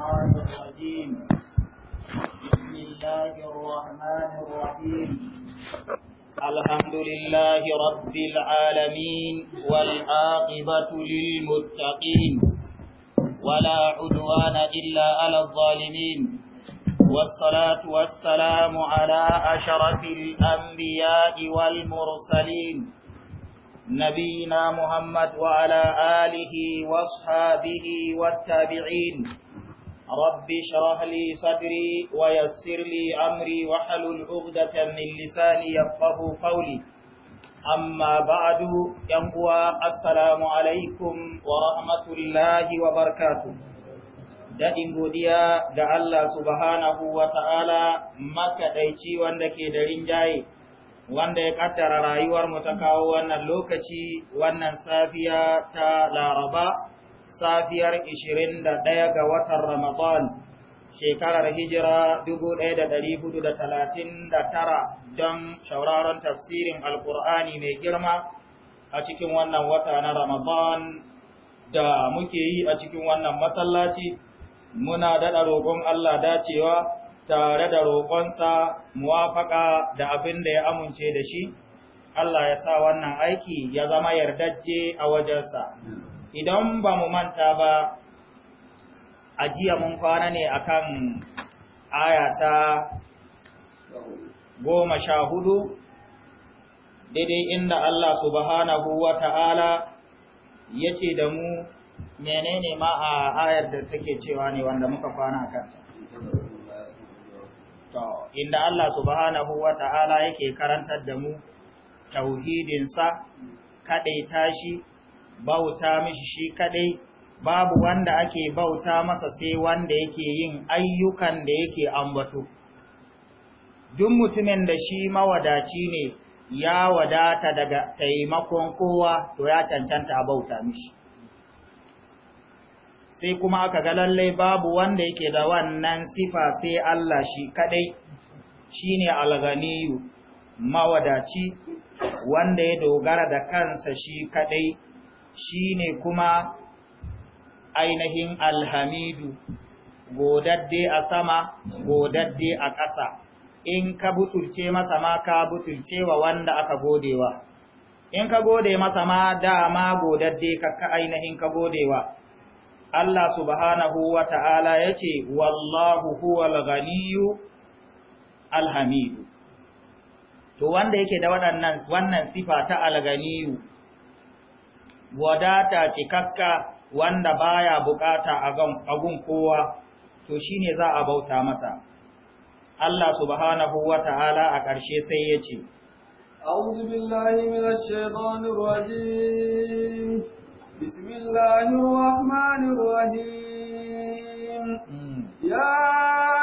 الشيطان الرجيم بسم الله الرحمن الرحيم الحمد لله رب العالمين والعاقبة للمتقين ولا عدوان إلا على الظالمين والصلاة والسلام على أشرف الأنبياء والمرسلين نبينا محمد وعلى آله واصحابه والتابعين رب شرح لي صدري ويسر لي أمري وحل عقدة من لساني يفقه قولي أما بعد ينقوى السلام عليكم ورحمة الله وبركاته daɗin godiya ga Allah subhanahu wa ta'ala makaɗaici wanda ke da rinjaye, wanda ya ƙaddara rayuwar mu ta kawo wannan lokaci wannan safiya ta laraba safiyar 21 ga watan Ramadan shekarar hijira 1439 don shauraron tafsirin alkur'ani mai girma a cikin wannan wata na Ramadan da muke yi a cikin wannan masallaci muna daɗa roƙon Allah dacewa tare da roƙonsa muwafaƙa da abin da ya amince da shi Allah ya sa wannan aiki ya zama yardajje a wajensa. idan ba mu manta ba a jiya mun kwana ne a kan ayata goma sha hudu daidai inda Allah subhanahu wa ta'ala ya ce da mu menene ma a ayar da take cewa ne wanda muka kwana kanta to inda Allah subhanahu wa ta'ala yake karantar da mu tauhidinsa kaɗaita shi bauta mishi shi kaɗai, babu wanda ake bauta masa sai wanda yake yin ayyukan da yake ambato duk mutumin da shi mawadaci ne ya wadata daga taimakon kowa to ya cancanta a bauta mishi sai kuma aka ga lallai babu wanda yake da wannan sifa sai Allah shi kadai shine alganiyu mawadaci wanda ya dogara da kansa shi kaɗai. shine kuma ainihin alhamidu godadde a sama godadde a ƙasa in ka butulce masa ma ka butulce wa wanda aka godewa in ka gode masa ma dama godadde ka ka ainihin ka godewa Allah subhanahu wa ta'ala ya ce wallahu huwal ganiyu alhamidu to wanda yake da waɗannan wannan sifa ta alganiyu wadata cikakka wanda baya bukata gun kowa to shine za a bauta masa Allah subhanahu wata'ala a ƙarshe sai ya ce أعوذ بالله من الشيطان الرجيم بسم الله الرحمن الرحيم يا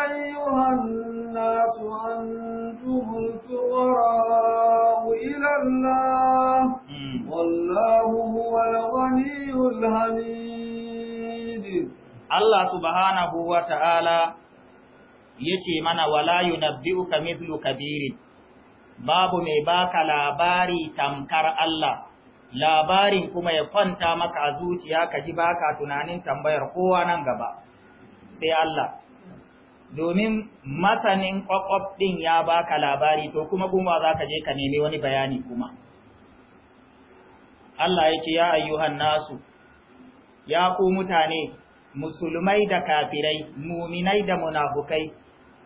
أيها الناس أنتم الفقراء إلى الله والله هو الغني الحميد الله سبحانه وتعالى yace mana wala yunabbi'uka mithlu kabirin babu mai baka labari tamkar Allah labarin kuma ya kwanta maka a zuciya ka ji baka tunanin tambayar kowa nan gaba sai Allah domin masanin kwakwaf ɗin ya baka labari to kuma gumwa za ka je ka nemi wani bayani kuma Allah ya ce ya ayyuhan nasu ya ku mutane musulmai da kafirai muminai da munafukai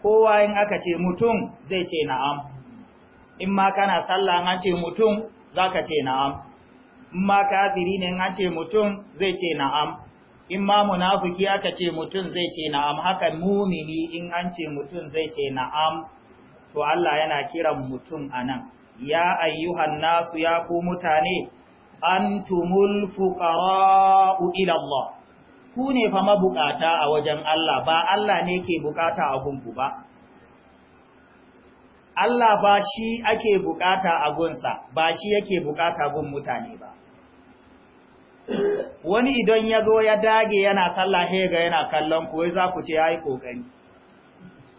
kowa in aka ce mutum zai ce na'am in ma kana sallah an ce mutum zaka ce na'am in ma kafiri ne an ce mutum zai ce na'am in ma munafiki aka ce mutum zai ce na'am haka mumini in an ce mutum zai ce na'am to Allah yana kiran mutum anan ya ayyuhan nasu ya ku mutane antumul fuqara'u ila Allah ku ne fa mabukata a wajen Allah ba Allah ne ke bukata a gunku ba Allah ba shi ake bukata a gunsa ba shi yake bukata gun mutane ba wani idan ya zo ya dage yana kalla hega yana kallon kuwa za ku ce ya yi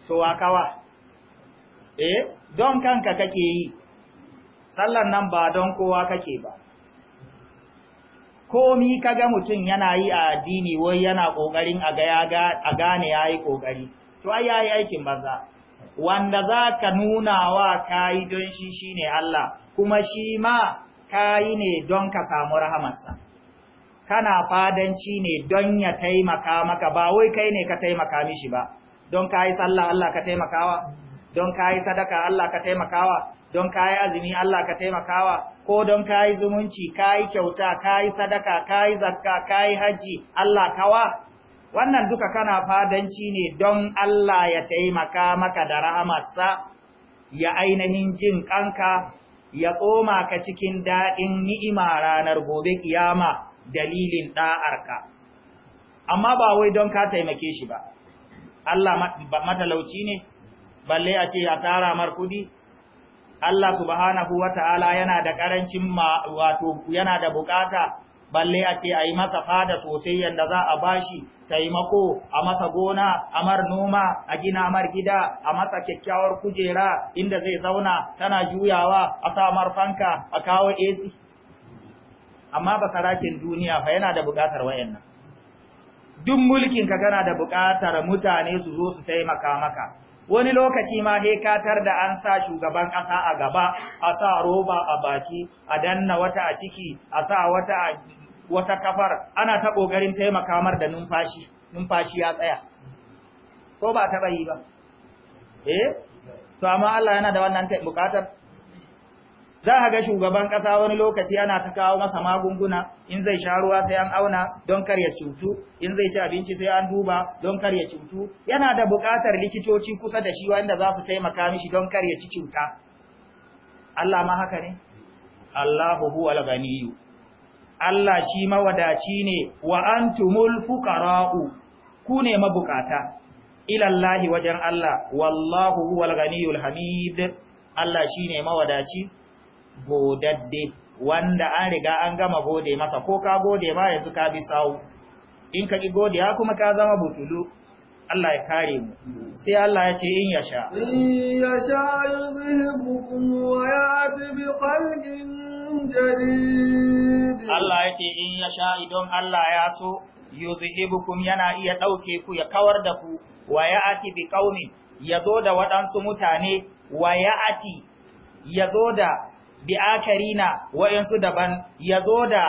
to kawa eh don kanka kake yi sallan nan ba don kowa kake ba komi ka ga mutum yana yi a addini wai yana kokarin a ga a gane yayi kokari to ai yi aikin banza wanda za ka nuna wa yi don shi shi ne Allah kuma shi ma yi ne don ka samu rahamarsa kana fadanci ne don ya taimaka maka ba wai kai ne ka taimaka mishi ba don sallah Allah ka taimakawa don sadaka Allah ka taimakawa don kayi azumi Allah ka taimakawa ko don kayi zumunci kayi kyauta kayi sadaka kayi zakka kayi haji Allah kawa wannan duka kana fadanci ne don Allah ya taimaka maka da rahamarsa ya ainihin jin kanka ya tsoma ka cikin daɗin ni'ima ranar gobe kiyama dalilin ɗa'arka amma ba wai don ka taimake shi ba Allah matalauci ne balle a ce ya tara mar kudi Allah subhanahu ta'ala yana da karancin wato yana da bukata balle a ce a yi masa fada sosai yanda za a bashi taimako a masa gona a mar noma a gina mar gida a masa kyakkyawar kujera inda zai zauna tana juyawa a sa mar fanka a kawo AC amma ba sarakin duniya fa yana da bukatar wayannan duk mulkin ka kana da bukatar mutane su zo su taimaka maka wani lokaci ma he da an sa shugaban ƙasa a gaba a sa roba a baki a danna wata a ciki a sa wata a wata kafar ana ta ƙoƙarin taimaka mar da numfashi numfashi ya tsaya ko ba taɓa yi ba eh to amma Allah yana da wannan buƙatar za a ga shugaban ƙasa wani lokaci ana ta kawo masa magunguna in zai sha ruwa sai an auna don karya ya cutu in zai ci abinci sai an duba don karya ya cutu yana da buƙatar likitoci kusa da shi wanda za su taimaka mishi don kar ya ci cuta Allah ma haka ne Allahu huwal ganiyyu Allah shi mawadaci ne wa antumul fuqara'u ku ne mabukata ila Allah wajen Allah wallahu huwal ganiyyul hamid Allah shine mawadaci godadde wanda an riga an gama gode masa ko ka gode ma yanzu ka bi sawu in ka ki godiya kuma ka zama butulu Allah ya kare mu sai Allah ya ce in yasha in yasha yuzhibukum wa yati bi qalbin jadid Allah ya ce in yasha idan Allah ya so yuzhibukum yana iya dauke ku ya kawar da ku wa yati bi qaumin yazo da waɗansu mutane wa yati yazo da bi akarina wayansu daban zo da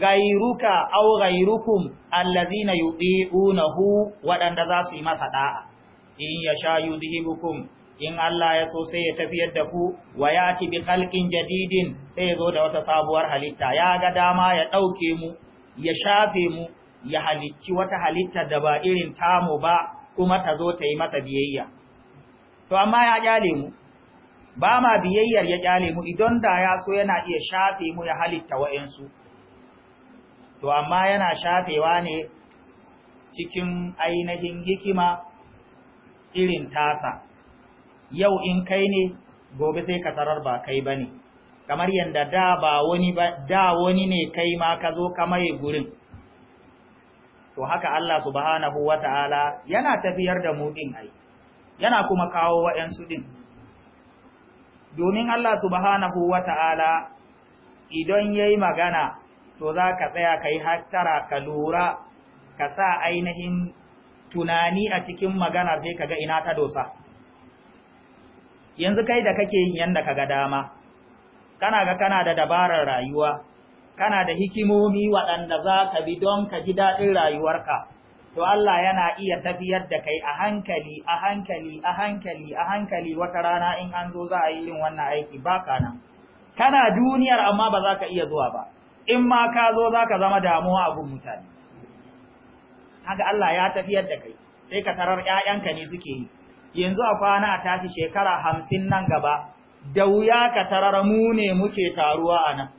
gairuka aw gairukum allazina yubi'unahu wadanda za su yi masa da'a in ya yasha yudhibukum in Allah ya so sai ya tafiyar da ku wa yati bi khalqin jadidin sai yazo da wata sabuwar halitta ya ga dama ya dauke mu ya shafe mu ya halicci wata halitta da ba irin tamo ba kuma ta zo ta yi masa biyayya to amma ya jale mu ba ma biyayyar ya kyale mu idan da ya so yana iya shafe mu ya halitta wa'insu to amma yana shafewa ne cikin ainihin hikima irin tasa yau in kai ne gobe sai ka tarar ba kai bane kamar yadda da ba wani ba da wani ne kai ma ka zo ka maye gurin to haka Allah subhanahu wataala yana tafiyar da mu din ai yana kuma kawo wa'insu din domin Allah subhanahu wa ta'ala idan ya magana to za ka tsaya ka yi hattara ka lura ka sa ainihin tunani a cikin magana sai ka ga ina ta dosa yanzu kai da kake yin yanda ka ga dama kana ga kana da dabarar rayuwa kana da hikimomi waɗanda za ka bi don ka ji daɗin rayuwarka to Allah yana iya tafiyar da kai a hankali a hankali a hankali a hankali wata rana in an zo za a yi yin wannan aiki ba nan kana duniyar amma ba za ka iya zuwa ba in ma ka zo za ka zama damuwa a gun mutane haka Allah ya tafiyar da kai sai ka tarar ƴaƴanka ne suke yi yanzu a kwana a tashi shekara hamsin nan gaba da wuya ka tarar mu ne muke taruwa a nan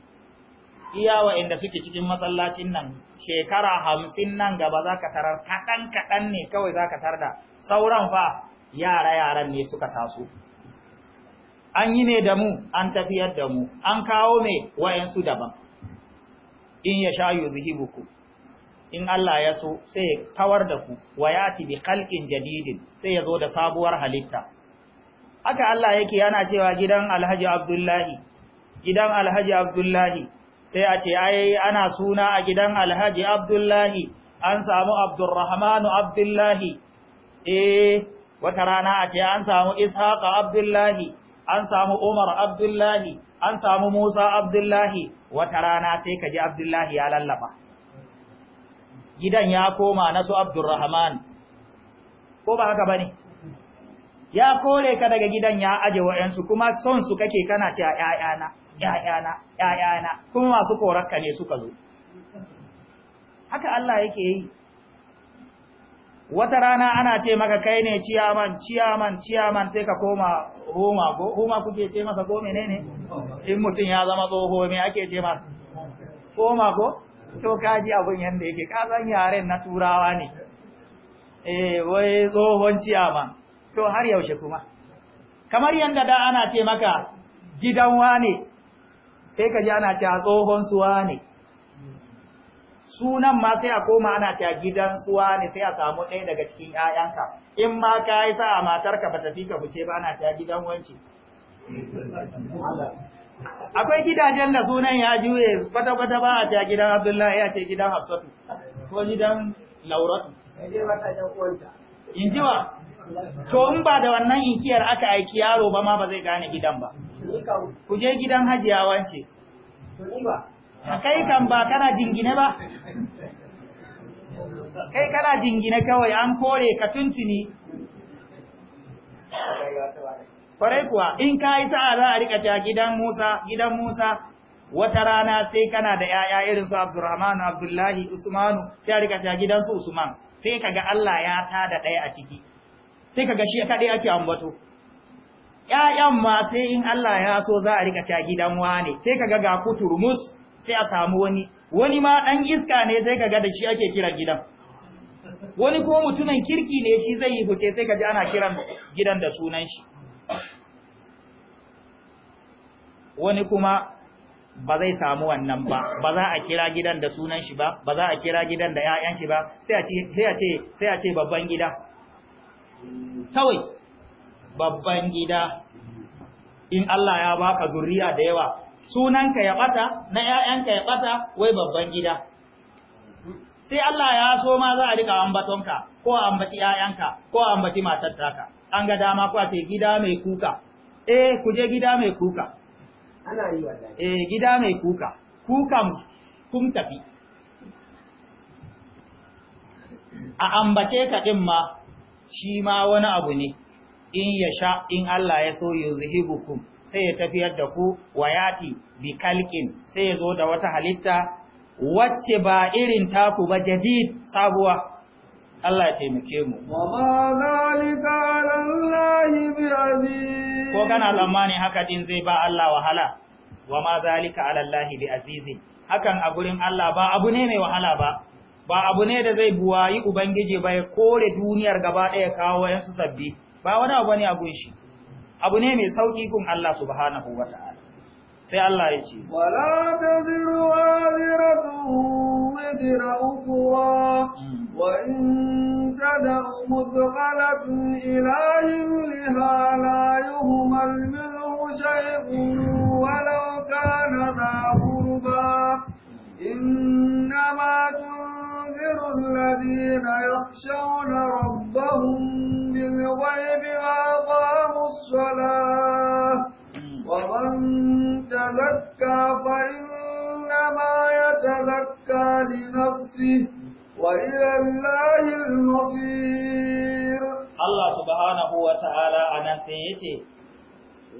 iya wa'inda suke cikin matsalacin nan shekara hamsin nan gaba za ka tarar kaɗan-kaɗan ne kawai za ka tarda sauran fa yara-yaran ne suka taso an yi ne da mu an tafiyar da mu an kawo mai wa'insu daban in ya sha buku, in Allah ya so sai ya kawar da ku wa ya bi kalkin jadidin sai ya zo da sabuwar halitta haka Allah yake yana cewa gidan Alhaji Abdullahi gidan Alhaji Abdullahi sai a ce ai ana suna a gidan alhaji abdullahi an samu abdurrahmanu abdullahi eh wata rana a ce an samu ishaqa abdullahi an samu umar abdullahi an samu musa abdullahi wata rana sai ka ji abdullahi ya lallaba gidan ya koma na su abdurrahman ko ba haka bane ya kore ka daga gidan ya aje wa'yansu kuma son su kake kana ce a ‘ya'yana’ ‘ya'yana, kuma masu korarka ne suka zo. Haka Allah yake yi, wata rana ana ce maka kai ne ciyaman, ciyaman, ciyaman sai ka koma Roma, Roma kuke ce masa ko mene ne? In mutum ya zama tsoho me ake ce masa? Koma ko? To kaji abin yadda yake, kasan yaren na turawa ne, eh, wai tsohon ciyaman, to har yaushe kuma. Kamar yadda da ana ce maka gidan wane sai ka ji ana cewa tsohon suwa ne sunan ma sai a koma ana cewa gidan suwa ne sai a samu ɗaya daga cikin ƴaƴanka in ma ka yi sa a matarka ba ta fi ka fice ba ana cewa gidan wance akwai gidajen da sunan ya juye kwata-kwata ba a cewa gidan abdullahi ya ce gidan hafsatu ko gidan lauratu in ji ba to in ba da wannan inkiyar aka aiki yaro ba ma ba zai gane gidan ba ku je gidan hajiya wance kai kan ba kana jingine ba kai kana jingine kawai an kore ka tuntuni kwarai kuwa in ka yi sa'a za a rika cewa gidan musa gidan musa wata rana sai kana da ‘ya'ya irin su Abdurrahmanu, Abdullahi, Usmanu, sai a rika gidan gidansu Usman, sai kaga Allah ya ta da ɗaya a ciki, sai kaga shi kaɗai ake ambato. ‘ya'yan ma sai in Allah ya so za a rika ta gidan wane, sai ka ga kuturmus sai a samu wani, wani ma ɗan iska ne sai ka da shi ake kiran gidan. Wani ko mutumin kirki ne shi zai yi huce sai ka ji ana kiran gidan da sunan shi. Wani kuma ba zai samu wannan ba, ba za a kira gidan da sunan shi ba, ba za a kira gidan da ‘ya'yan shi ba, sai a ce babban gida. Kawai, babban gida in Allah ya baka zuriya da yawa sunanka ya bata na ƴaƴanka ya bata wai babban gida sai Allah ya so ma za a rika ambatonka ko ambaci ƴaƴanka ko ambaci matarka an ga dama ko ce gida mai kuka eh kuje gida mai kuka ana yi wallahi eh gida mai kuka kukan kun tafi a ambace ka din ma shi ma wani abu ne in ya sha in Allah ya so yuzhibukum sai ya tafiyar da ku wayati bi kalqin sai ya zo da wata halitta wacce ba irin taku ba jadid sabuwa Allah ya taimake mu wa ma zalika alallahi bi aziz ko kana zamani haka din zai ba Allah wahala wa ma zalika alallahi bi aziz hakan a gurin Allah ba abu ne mai wahala ba ba abu ne da zai buwayi ubangiji ba ya kore duniyar gaba ɗaya kawo yansu sabbi ba wani abu ne abun shi abu ne mai sauki gun Allah subhanahu wa ta'ala sai Allah ya ce wala taziru waziratu wizra ukwa wa in tad'u mudghalatun ilahin liha la yuhmal minhu shay'un walau kana إنما تنذر الذين يخشون ربهم بالغيب وأقاموا الصلاة ومن تزكى فإنما يتزكى لنفسه وإلى الله المصير الله سبحانه وتعالى أنا سيتي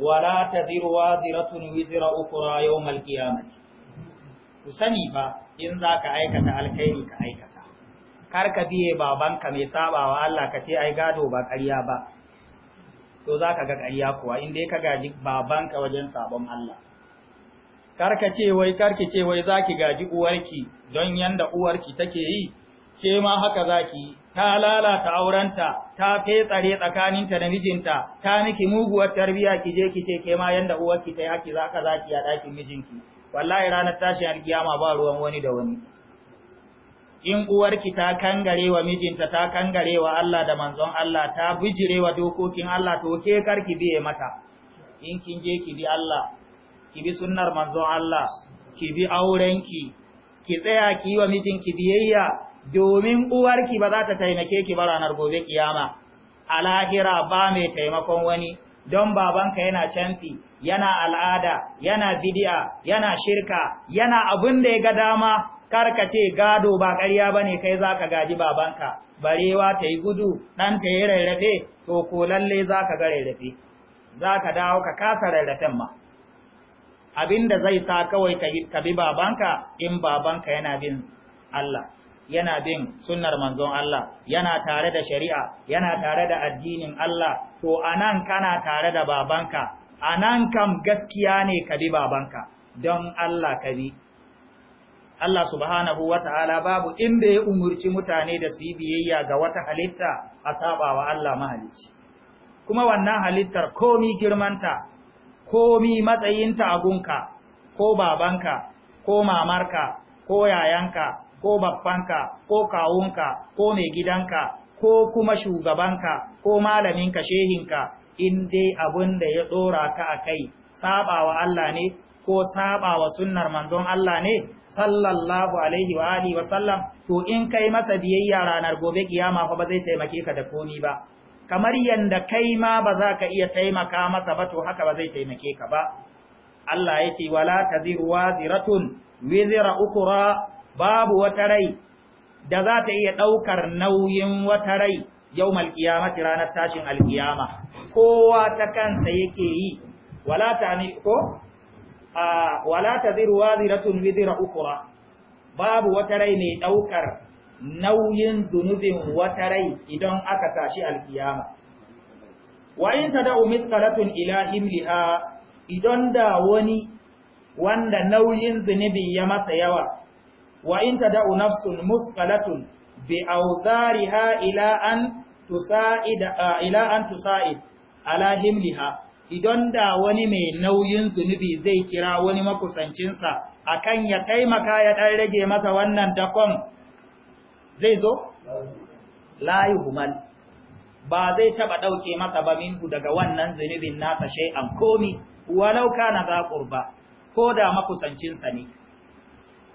ولا تذر وازرة وزر أخرى يوم القيامة ku sani ba in za ka aikata alkhairi ka aikata kar ka biye babanka mai sabawa Allah ka ce ai gado ba ƙarya ba to za ka ga ƙarya kuwa in dai ka gaji babanka wajen sabon Allah kar ka ce wai kar ki ce wai za ki gaji uwarki don yanda uwarki take yi ke ma haka zaki ta lalata aurenta ta fetsare tsakaninta da mijinta ta miki muguwar tarbiya ki je ki ce ke ma yanda uwarki ta yi haki za ka zaki a ɗakin mijinki wallahi ranar tashi alkiyama ba ruwan wani da wani in uwarki ta kangare wa mijinta ta kangare wa Allah da manzon Allah ta bijire wa dokokin Allah to ke karki biye mata in kin je ki bi Allah ki bi sunnar manzon Allah ki bi aurenki ki tsaya ki wa mijinki biyayya domin uwarki ba za ta taimake ki ba ranar gobe kiyama a lahira ba mai taimakon wani don babanka yana canfi yana al'ada yana bidi'a yana shirka yana abun da ya ga dama karka ce gado ba ƙarya ba ne kai za ka gaji babanka barewa ta yi gudu ɗanta ya rarrafe to ko lalle za ka ga rarrafe za ka dawo ka kasa rarrafen ma da zai sa kawai ka bi babanka in babanka yana bin Allah yana bin sunnar manzon Allah yana tare da shari'a yana tare da addinin Allah to anan kana tare da babanka anan kam gaskiya ne ka bi babanka don Allah ka bi Allah subhanahu wa ta'ala babu inda ya umurci mutane da su yi biyayya ga wata halitta a saɓawa Allah mahalicci. Kuma wannan halittar komi girmanta, komi matsayinta agunka, ko babanka, ko mamarka, ko yayanka, ko babbanka, ko kawunka, ko mai gidanka, ko kuma shugabanka, ko malaminka shehinka, in dai abin da ya ɗora ka a kai saɓawa Allah ne ko saɓawa sunnar manzon Allah ne sallallahu alaihi wa alihi wa sallam to in kai masa biyayya ranar gobe kiyama fa ba zai taimake ka da komi ba kamar yadda kai ma ba za ka iya taimaka masa ba to haka ba zai taimake ka ba Allah yake wala taziru waziratun wizra ukra babu wata rai da za ta iya ɗaukar nauyin wata rai yau qiyamati ranar tashin alkiyama kowa ta kansa yake yi wala ta'mi ko a wala babu wata rai mai daukar nauyin zunubin wata rai idan aka tashi alqiyama wa in tad'u mithqalatun ila himliha idan da wani wanda nauyin zunubi ya masa yawa wa in tad'u nafsun musqalatun bi auzariha ila an tusa'id ila an tusa'id ala himliha idan da wani mai nauyin zunubi zai kira wani makusancinsa akan ya taimaka ya ɗan rage masa wannan dakon zai zo? La humal ba zai taɓa ɗauke masa ba minku daga wannan zunubin nasa shai'an komi walau na zaƙur ba ko da makusancinsa ne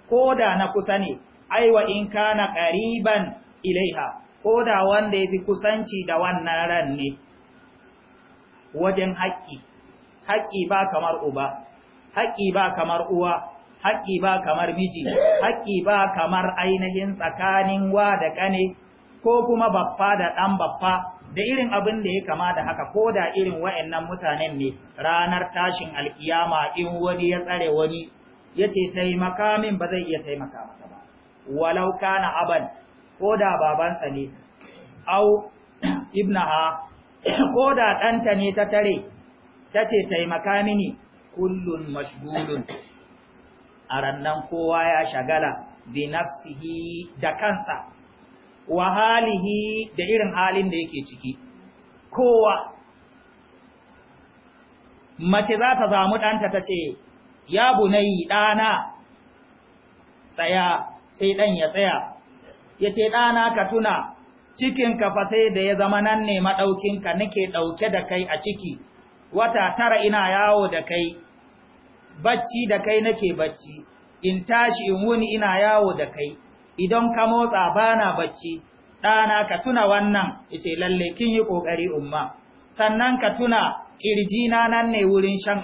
ko da na kusa ne aiwa in kana ƙariban ilaiha ko da wanda ya fi kusanci da wannan ran ne wajen haƙƙi haƙƙi ba kamar uba haƙƙi ba kamar uwa haƙƙi ba kamar miji haƙƙi ba kamar ainihin tsakanin wa da ƙane ko kuma baffa da ɗan baffa da irin abin da ya kama da haka ko da irin waɗannan mutanen ne ranar tashin alkiyama in wani ya tsare wani ya ce taimaka min ba zai iya taimaka ba walau kana aban ko da babansa ne au ibnaha ko da ɗanta ne ta tare ta ce taimaka mini kullun mashgulun Arannan kowa ya shagala bi nafsihi da kansa wa halihi da irin halin da yake ciki kowa mace za ta zamu ɗanta tace ce ya bunayi ɗana tsaya sai ɗan ya tsaya ya ce ɗana ka tuna cikinka fa sai da ya zama nan ne maɗaukinka nake ɗauke da kai a ciki wata tara ina yawo da kai bacci da kai nake bacci in tashi in wuni ina yawo da kai idan ka motsa bana bacci ɗana ka tuna wannan ya ce lalle kin yi ƙoƙari umma sannan ka tuna ƙirjina nan ne wurin shan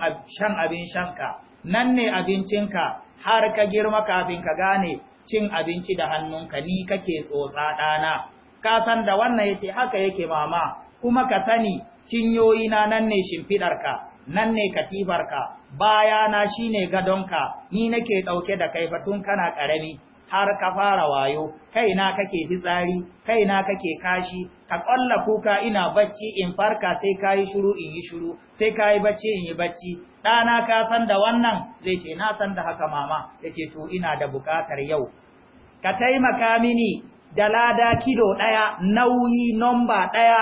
abin shanka nan ne abincinka har ka girma kafin ka gane cin abinci da hannunka ni kake tsotsa ɗana ka san da wannan yace haka yake mama kuma ka sani cinyoyi na nan ne shimfidarka nan ne katifarka baya na shine gadonka ni nake ɗauke da kai tun kana karami har ka fara wayo kai na kake fitsari kai na kake kashi ka ƙwalla kuka ina bacci in farka sai kai shiru in yi shiru sai kai bacci in yi bacci ɗana ka san da wannan zai ce na san da haka mama ya ce to ina da bukatar yau ka taimaka mini da lada kido ɗaya nauyi nomba ɗaya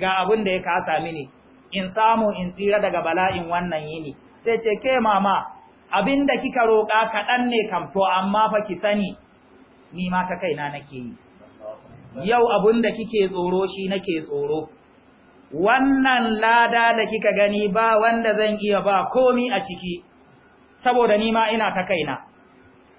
ga abin da ya kasa mini in samu in tsira daga bala'in wannan yini sai ce ke mama abin da kika roƙa kaɗan ne kam to amma fa ki sani ni ma ka kaina nake yi yau abin da kike tsoro shi nake tsoro wannan lada da kika gani ba wanda zan iya ba komi a ciki saboda nima ina ta kaina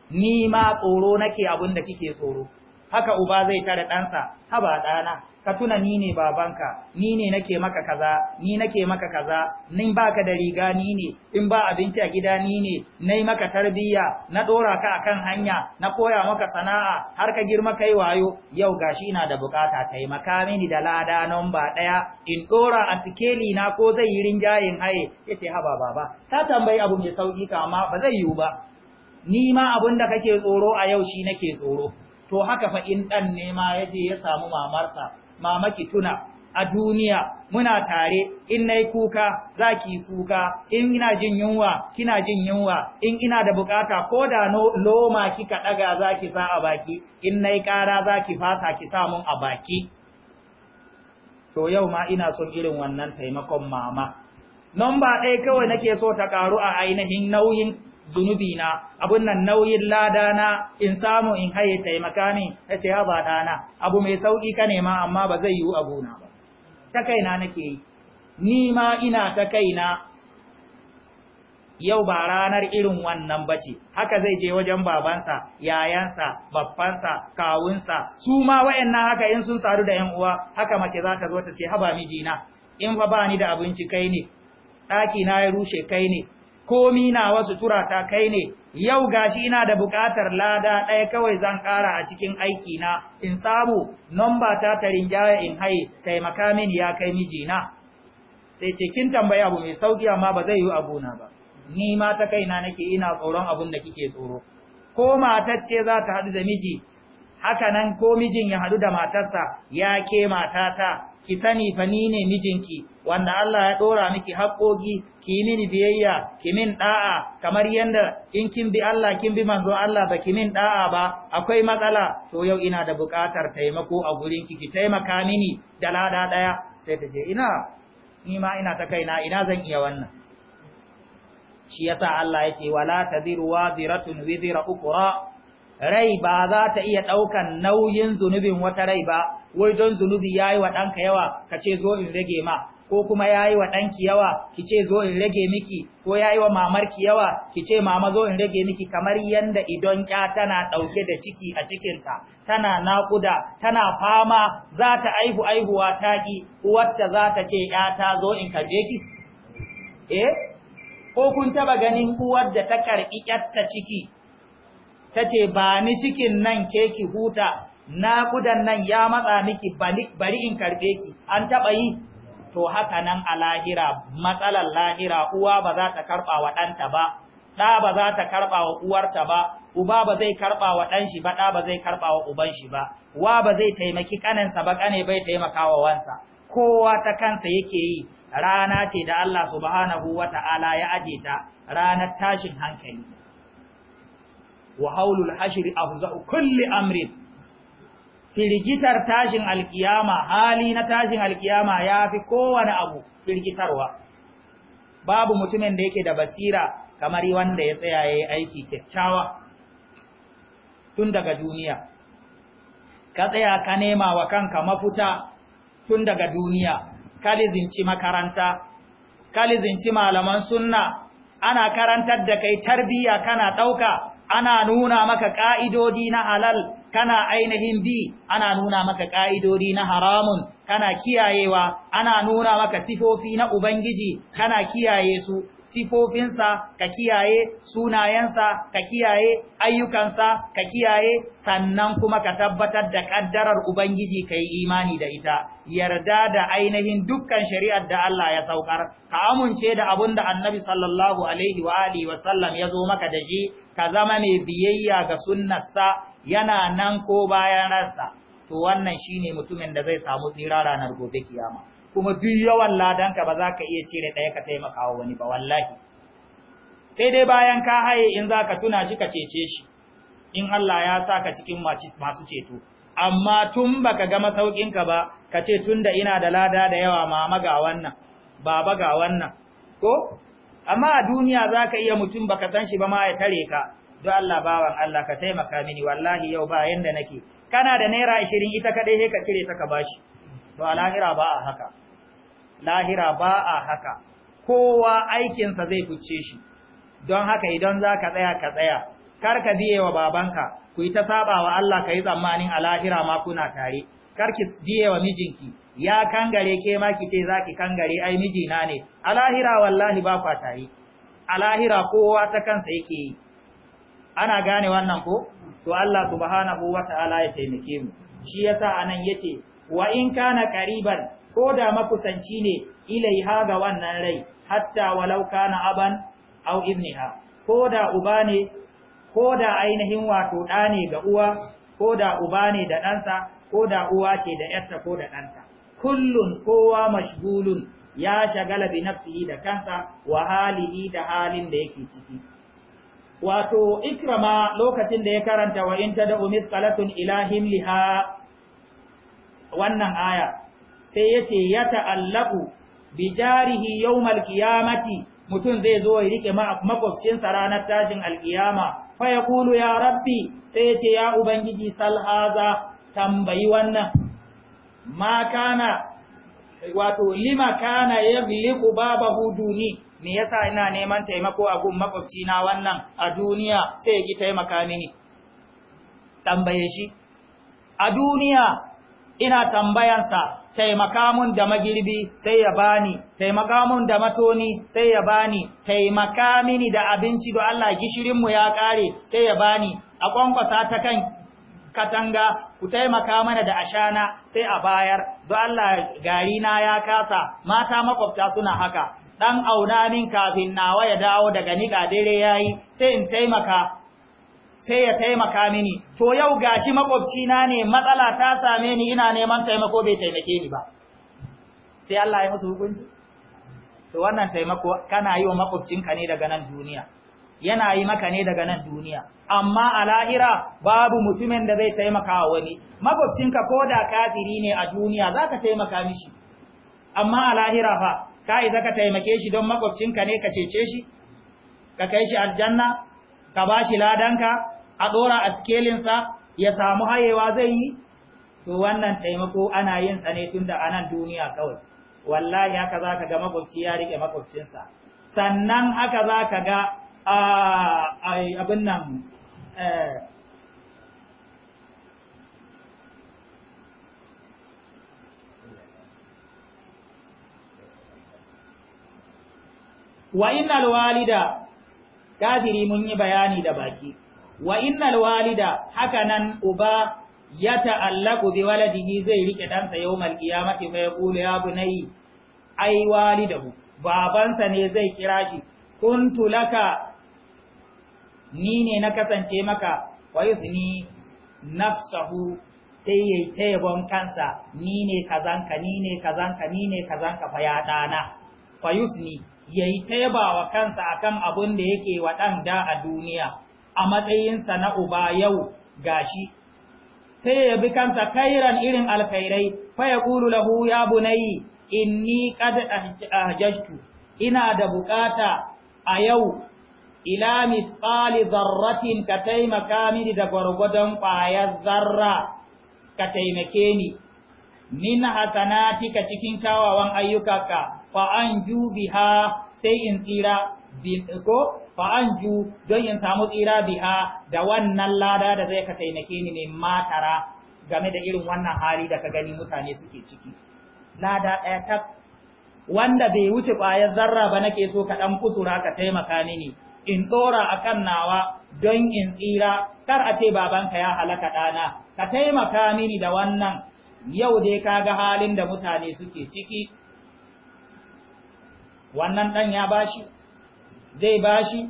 nima tsoro nake abin da kike tsoro haka uba zai tare ɗansa haba ɗana ka tuna ni ne babanka ni ne nake maka kaza ni nake maka kaza ni baka da riga ni ne in ba abinci a gida ni ne Na yi maka tarbiyya na ɗora ka a kan hanya na koya maka sana'a har ka girma kai wayo yau ga shi na da bukata yi mini da lada namba ɗaya in ɗora a sikeli na ko zai yi rinjayin haye ce haba baba ta tambayi abu mai sauki kama ba zai yiwu ba ni ma abin da kake tsoro a yau shi nake tsoro to haka fa in ɗan ne ma yaje ya samu mamarsa mamaki tuna a duniya muna tare in nayi kuka za kuka in ina jin yunwa kina jin yunwa in ina da bukata ko da no, loma kika ɗaga zaki sa a baki in nayi ƙara zaki ki fasa ki sa mun a baki to yau ma ina son irin wannan taimakon mama. Nomba ɗaya kawai nake so ta ƙaru a ainihin nauyin zunubina abun nan nauyin ladana in samu in haye taimaka min ta ce haba dana abu mai sauki ka nema amma ba zai yiwu abuna ba ta kaina nake yi ni ma ina ta kaina yau ba ranar irin wannan bace haka zai je wajen babansa yayansa babbansa kawunsa su ma wayannan haka in sun sadu da yan uwa haka mace za ta zo ta ce haba mijina in fa ba ni da abinci kai ne ɗaki na ya rushe kai ne komi na wasu, tura ta kai ne yau gashi ina da bukatar lada ɗaya kawai zan ƙara a cikin aiki na in samu nomba ta ta jaya in haye taimaka mini ya kai mijina sai cikin kin tambayi abu mai sauki amma ba zai yi abuna ba ni ma ta kaina nake ina tsoron abun da kike tsoro ko matacce za ta haɗu da miji haka nan ko mijin ya haɗu da matarsa ya ke matata ki sani fa ni ne mijinki wanda Allah ya ɗora miki haƙoƙi ki mini biyayya ki min ɗa'a kamar yadda in kin bi Allah kin bi manzo Allah ba ki min ɗa'a ba akwai matsala to yau ina da buƙatar taimako a gurin ki ki taimaka mini da lada ɗaya sai ta ce ina ni ma ina ta kaina ina zan iya wannan shi yasa Allah ya ce wala taziru ziratun wizira ukra rai ba za ta iya ɗaukan nauyin zunubin wata rai ba, wai don zunubi ya yi wa ɗanka yawa ka ce zo in rage ma, ko kuma ya yi wa ɗanki yawa ki ce zo in rage miki ko ya yi wa mamarki yawa ki ce mama zo in rage miki kamar yadda idon ya tana ɗauke da ciki a cikinta tana naƙuda, tana fama za ta aihu aihuwa taki uwarta za ta ce ya zo in karɓe ki eh ko kun taɓa ganin uwar da ta karɓi yarta ciki ta ce, ba ni cikin nan ke ki huta naƙudan nan ya matsa miki bari in karɓe ki an taɓa yi to haka nan a lahira matsalar lahira uwa ba za ta karɓa wa ɗanta ba ɗa ba za ta karɓa wa uwarta ba uba ba zai karɓa wa ɗan shi ba ɗa ba zai karɓa wa uban shi ba wa ba zai taimaki ƙaninsa ba ƙane bai taimaka wa wansa kowa ta kansa yake yi rana ce da Allah subhanahu wa ta'ala ya aje ta ranar tashin hankali wa haulul hashri ahza'u kulli amrin firgitar tashin alkiyama hali na tashin alkiyama ya fi kowane abu firgitarwa babu mutumin da yake da basira kamar wanda ya tsaya ya yi aiki kyakkyawa tun daga duniya ka tsaya ka nema wa kanka mafuta tun daga duniya kalizinci makaranta kalizinci malaman sunna ana karantar da kai tarbiya kana ɗauka ana nuna maka ƙa'idodi na halal kana ainihin bi ana nuna maka ƙa'idodi na haramun kana kiyayewa ana nuna maka sifofi na ubangiji kana kiyaye su sifofinsa ka kiyaye sunayensa ka kiyaye ayyukansa ka kiyaye sannan kuma ka tabbatar da ƙaddarar ubangiji ka yi imani da ita yarda da ainihin dukkan shari'ar da Allah ya saukar ka amince da abunda annabi sallallahu alaihi wa alihi ya zo maka da shi ka zama mai biyayya ga sunnarsa yana nan ko bayan rasa to wannan shine mutumin da zai samu tsira ranar gobe kiyama kuma duk yawan ladanka ba za ka iya cire ɗaya ka taimaka wa wani ba wallahi sai dai bayan ka haye in za ka tuna shi ka cece shi in Allah ya sa ka cikin masu ceto amma tun ba ka ga masaukinka ba ka ce tun da ina da lada da yawa mama ga wannan baba ga wannan ko amma a duniya za ka iya mutum ba ka san shi ba ma ya tare ka don Allah bawan Allah ka taimaka mini wallahi yau ba yanda nake kana da naira 20 ita kadai sai ka cire ta ka bashi to a lahira ba a haka lahira ba a haka kowa aikinsa zai fice shi don haka idan za ka tsaya ka tsaya kar ka biye wa babanka ku yi ta saba wa Allah ka yi tsammanin a lahira ma kuna tare kar ki biye wa mijinki ya kangare ke ma ki ce zaki kangare ai mijina ne a lahira wallahi ba kwa tare a lahira kowa ta kansa yake yi ana gane wannan ko to Allah subhanahu ta'ala ya taimake mu shi yasa anan yace wa in kana qariban ko da makusanci ne ha ga wannan rai hatta walau kana aban aw ibniha ko da uba ne ko da ainihin wato ɗa ne ga uwa ko da uba ne da ɗansa ko da uwa ce da ‘yarta ko da ɗanta. Kullun kowa mashgulun ya shagala bi nafsihi da kansa wa halihi da halin da yake ciki, wato ikrama lokacin da ya karanta wa in tad'u mithqalatun ilahim liha wannan aya sai yace ya ta'allaqu bi jarihi yawmal qiyamati mutun zai zo ya rike makwabcinsa ranar tashin alqiyama fa Kulu ya rabbi sai yace ya ubangiji sal haza tambayi wannan ma kana wato lima kana yaghliqu babahu duni me yasa ina neman taimako a gun makwabci na wannan a duniya sai ya ki taimaka mini tambaye shi a duniya ina tambayansa taimaka mun da magirbi sai ya bani taimaka mun da matoni sai ya bani taimaka mini da abinci da Allah gishirin mu ya kare sai ya bani a kwankwasa ta kan katanga ku taimaka mana da ashana sai a bayar do Allah gari na ya kasa mata makwabta suna haka dan auna min kafin nawa ya dawo daga niƙa dare yayi sai in taimaka sai ya taimaka mini to yau gashi makwabci na ne matsala ta same ni ina neman taimako bai taimake ni ba sai Allah ya musu hukunci to wannan taimako kana yi wa makwabcinka ne daga nan duniya yana yi maka ne daga nan duniya amma a babu mutumin da zai taimaka wa wani makwabcinka ko da kafiri ne a duniya za ka taimaka mishi amma a lahira fa ka isa ka taimake shi don makwabcinka ne ka cece shi ka kai shi aljanna ka ba shi ladanka a ɗora a sikelinsa ya samu hayewa zai yi to wannan taimako ana yin sa ne tunda da nan duniya kawai wallahi haka zaka ga makwabci ya riƙe makwabcinsa sannan haka zaka ka ga ah, abin nan eh, wa innal walida kafiri mun yi bayani da baki wa innal walida haka nan uba ya ta'allaku bi waladihi zai rike dansa yau malkiyamati fa ya kula ya bunayi ai walidahu babansa ne zai kira shi kuntu laka ni ne na kasance maka wa yusni nafsahu sai yayi ta yabon kansa ni ne kazanka ni ne kazanka ni ne kazanka fa ya dana fa yusni ya yi wa kansa a kan abin da yake wa ɗan da a duniya a matsayinsa na uba yau shi. sai ya bi kansa kairan irin alkhairai fa ya ƙulu lahu ya ni ƙada a jashtu ina da bukata a yau ila misali zarratin ka taimaka mini da gwargwadon ƙwayar zarra ka taimake ni min hasanatika cikin kyawawan ayyukanka ju biha sai in tsira ko ju don in samu tsira biha da wannan lada da zai ka taimake ni mai matara game da irin wannan hali da ka gani mutane suke ciki lada ɗaya ta wanda bai wuce ƙwayar zarra ba nake so ka ɗan kusura ka taimaka mini in ɗora a kan nawa don in tsira kar a ce babanka ya halaka ɗana ka taimaka mini da wannan yau dai ka ga halin da mutane suke ciki wannan ɗan ya bashi zai bashi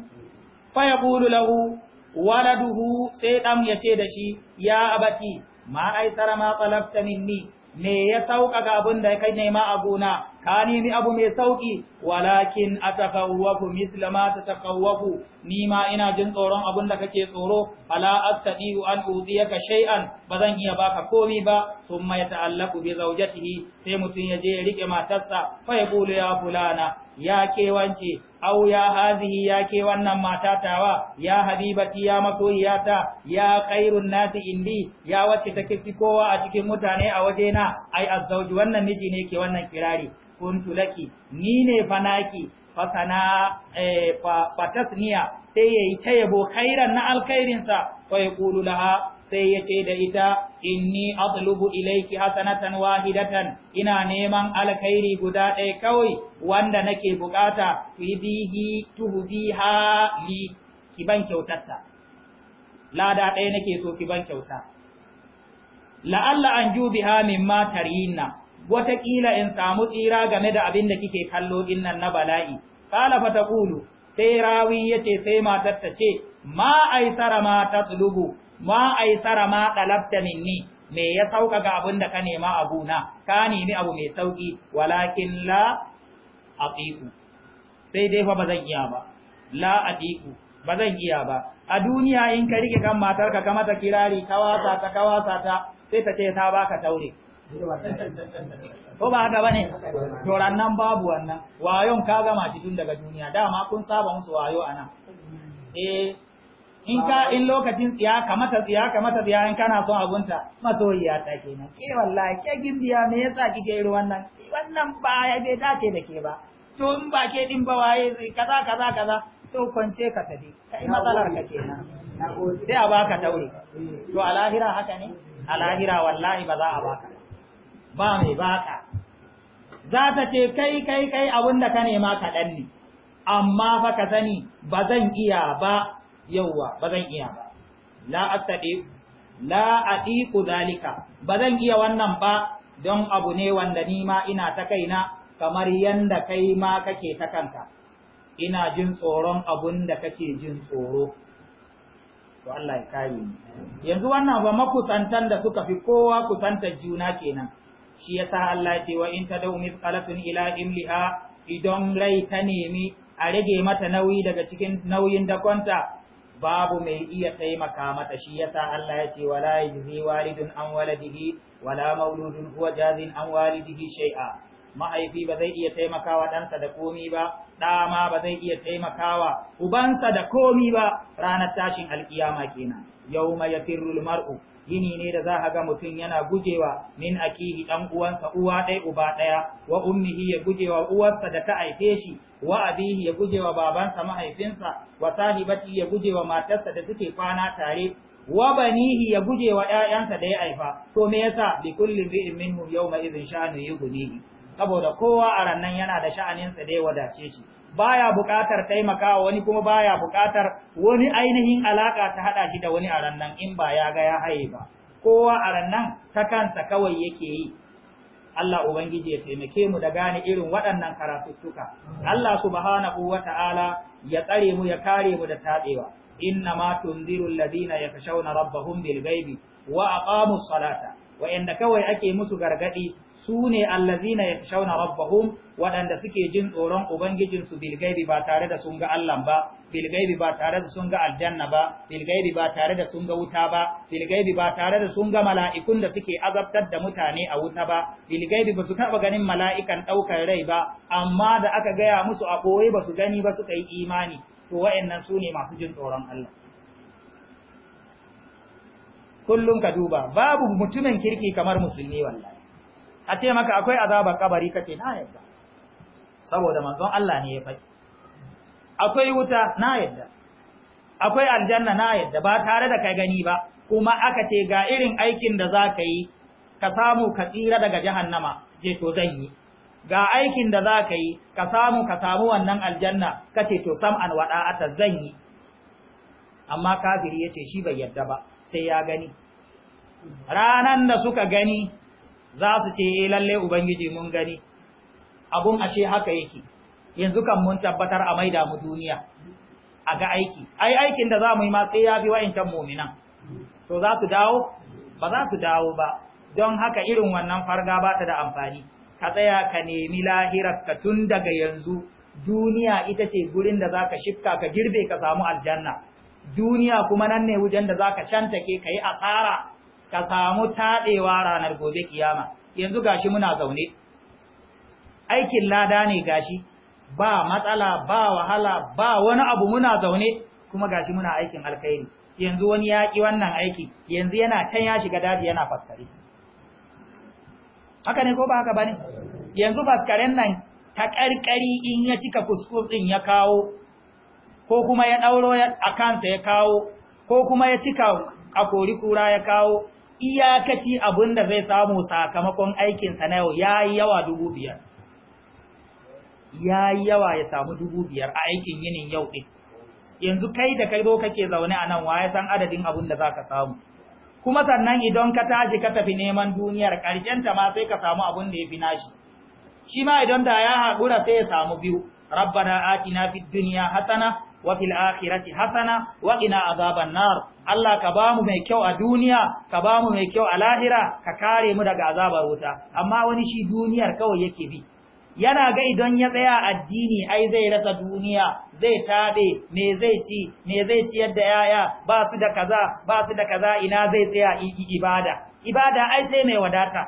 faya ƙulu lahu waladuhu sai ɗan ya ce da shi ya abati ma aisara ma tsalabta minni me ya sauƙaƙa abin da kai nema a gona ka nemi abu mai sauƙi walakin atakawwafu misla ma tatakawwafu ni ma ina jin tsoron abin da kake tsoro ala astadiu an uziyaka shay'an bazan iya baka komi ba thumma yata'allaqu bi zawjatihi sai mutun ya je ya rike matarsa fa ya kulu ya fulana ya kewance au ya hazihi ya ke wannan mata tawa ya habibati ya masoyiyata ya khairun nati indi ya wacce take fi kowa a cikin mutane a waje na ai azzauji wannan miji ne ke wannan kirari kuntu laki ni ne fanaki fasana eh fatasniya sai yayi ta yabo kairan na alkhairin sa fa yaqulu laha sai ya ce da ita inni atlubu ilayki hasanatan wahidatan ina neman alkhairi guda ɗaya kawai wanda nake bukata tuhibihi tuhbiha li ki ban kyautarta lada ɗaya nake so ki ban kyauta la'alla an jubiha mimma tarina wataƙila in samu tsira game da abin da kike kallo dinnan na bala'i qala taqulu sai rawi yace sai matar ta ce ma aisara ma tatlubu ma aisara ma talabta minni me ya ga abin da ka nema abu na ka nemi abu mai sauki walakin la aqiqu sai dai fa bazan iya ba la aqiqu bazan iya ba a duniya in ka rike kan matarka ka mata kirari ka wasa ta ka wasa ta sai ta ce ta baka taure ko ba haka bane to rannan babu wannan wayon ka gama cikin daga duniya dama kun saba musu wayo anan eh in ka in lokacin tsiya kamata tsiya kamata tsiya in kana son abunta masoyiya ta kenan ke eh, wallahi ke gimbiya me yasa kike irin wannan wannan ba ya bai dace da ke ba to in ba ke din ba waye kaza kaza kaza to kwance ka tafi kai matsalar ka kenan sai a baka taure to a lahira haka ne a lahira wallahi ba za a baka ba mai baka za ta ce kai kai kai abinda ka nema kaɗan ne amma fa ka sani ba zan iya ba yawwa ba zan iya ba la astadi la adiku zalika ba zan iya wannan ba don abu ne wanda ni ma ina ta kaina kamar yanda kai ma kake ta kanka ina jin tsoron abun da kake jin tsoro to Allah ya kare ni yanzu wannan ba makusantan da suka fi kowa kusantar juna kenan shi yasa Allah ya ce wa in tadau mithqalatun ila imliha idan rai ta nemi a rage mata nauyi daga cikin nauyin dakonta babu mai iya taimaka mata shi yasa Allah ya ce wala yajzi walidun an waladihi wala mauludun huwa jazin an walidihi shay'a mahaifi ba zai iya taimakawa ɗansa da komi ba ɗa ma ba zai iya taimakawa ubansa da komi ba ranar tashin alkiyama kenan yawma yafirrul mar'u gini ne da za a ga mutum yana gujewa min akihi dan uwansa uwa ɗaya uba ɗaya wa ummihi ya gujewa uwarsa da ta haife shi wa abihi ya gujewa babansa mahaifinsa wa sahibati ya gujewa matarsa da suke kwana tare wa banihi ya gujewa ƴaƴansa da ya haifa to me yasa bi kulli ri'in minhum yawma idhin sha'nu yughnihi saboda kowa a rannan yana da sha'aninsa da ya wadace shi baya buƙatar taimakawa wani kuma baya buƙatar wani ainihin alaka ta hada shi da wani arannan in ba ya ga ya haye ba kowa arannan ta kansa kawai yake yi Allah ubangiji ya taimake mu da gane irin waɗannan karatuttuka Allah subhanahu wata'ala ya tsare mu ya kare mu da tabewa inna ma tunzirul ladina yakhshawna rabbahum bil ghaibi wa aqamu salata wa inda kawai ake musu gargadi su ne allazina ya shauna rabbahum waɗanda suke jin tsoron ubangijinsu bilgaibi ba tare da sun ga Allah ba bilgaibi ba tare da sun ga aljanna ba bilgaibi ba tare da sun ga wuta ba bilgaibi ba tare da sun ga mala'ikun da suke azabtar da mutane a wuta ba bilgaibi ba su taɓa ganin mala'ikan ɗaukar rai ba amma da aka gaya musu a ɓoye ba su gani ba suka yi imani to wa'annan su ne masu jin tsoron Allah kullum ka duba babu mutumin kirki kamar musulmi wallahi a ce maka akwai azabar kabari kace na yadda saboda manzon Allah ne ya faɗi akwai wuta na yadda akwai aljanna na yadda ba tare da kai gani ba kuma aka ce ga irin aikin da za ka yi ka samu ka tsira daga jahannama je to zan yi ga aikin da za ka yi ka samu ka samu wannan aljanna kace to sam an wada ta zan yi amma kafiri yace shi bai yadda ba sai ya gani ranan da suka gani za su ce eh lalle ubangiji mun gani abun ashe haka yake yanzu kan mun tabbatar a maida mu duniya a ga aiki ai aikin da za mu yi ma sai ya fi wa'incan muminan to za su dawo ba za su dawo ba don haka irin wannan farga ba ta da amfani ka tsaya ka nemi lahirar ka tun daga yanzu duniya ita ce gurin da za ka shifka ka girbe ka samu aljanna duniya kuma nan ne wajen da za ka shantake ka yi asara ka samu taɗewa ranar gobe kiyama yanzu gashi muna zaune aikin lada ne gashi ba matsala ba wahala ba wani abu muna zaune kuma gashi muna aikin alkhairi yanzu wani yaƙi wannan aiki yanzu yana can ya shiga daji yana faskare haka ne ko ba haka bane yanzu faskaren nan ta ƙarƙari in ya cika kuskus ya kawo ko kuma ya ɗauro a kansa ya kawo ko kuma ya cika a kori kura ya kawo iyakaci abin da zai samu sakamakon aikinsa na yau ya yi yawa dubu biyar ya yawa ya samu dubu biyar a aikin yinin yau ɗin yanzu kai da kai zo kake zaune a nan waye san adadin abin da za ka samu kuma sannan idan ka tashi ka tafi neman duniyar ta ma sai ka samu abin da ya fi nashi shi ma idan da ya haƙura sai ya samu biyu rabbana atina fid dunya hasana wa fil akhirati hasana wa qina azaban nar Allah ka bamu mai kyau a duniya ka bamu mai kyau a lahira ka kare mu daga azabar wuta amma wani shi duniyar kawai yake bi yana ga idan ya tsaya addini ai zai rasa duniya zai tabe me zai ci me zai ci yadda yaya ba su da kaza ba su da kaza ina zai tsaya ibada ibada ai sai mai wadata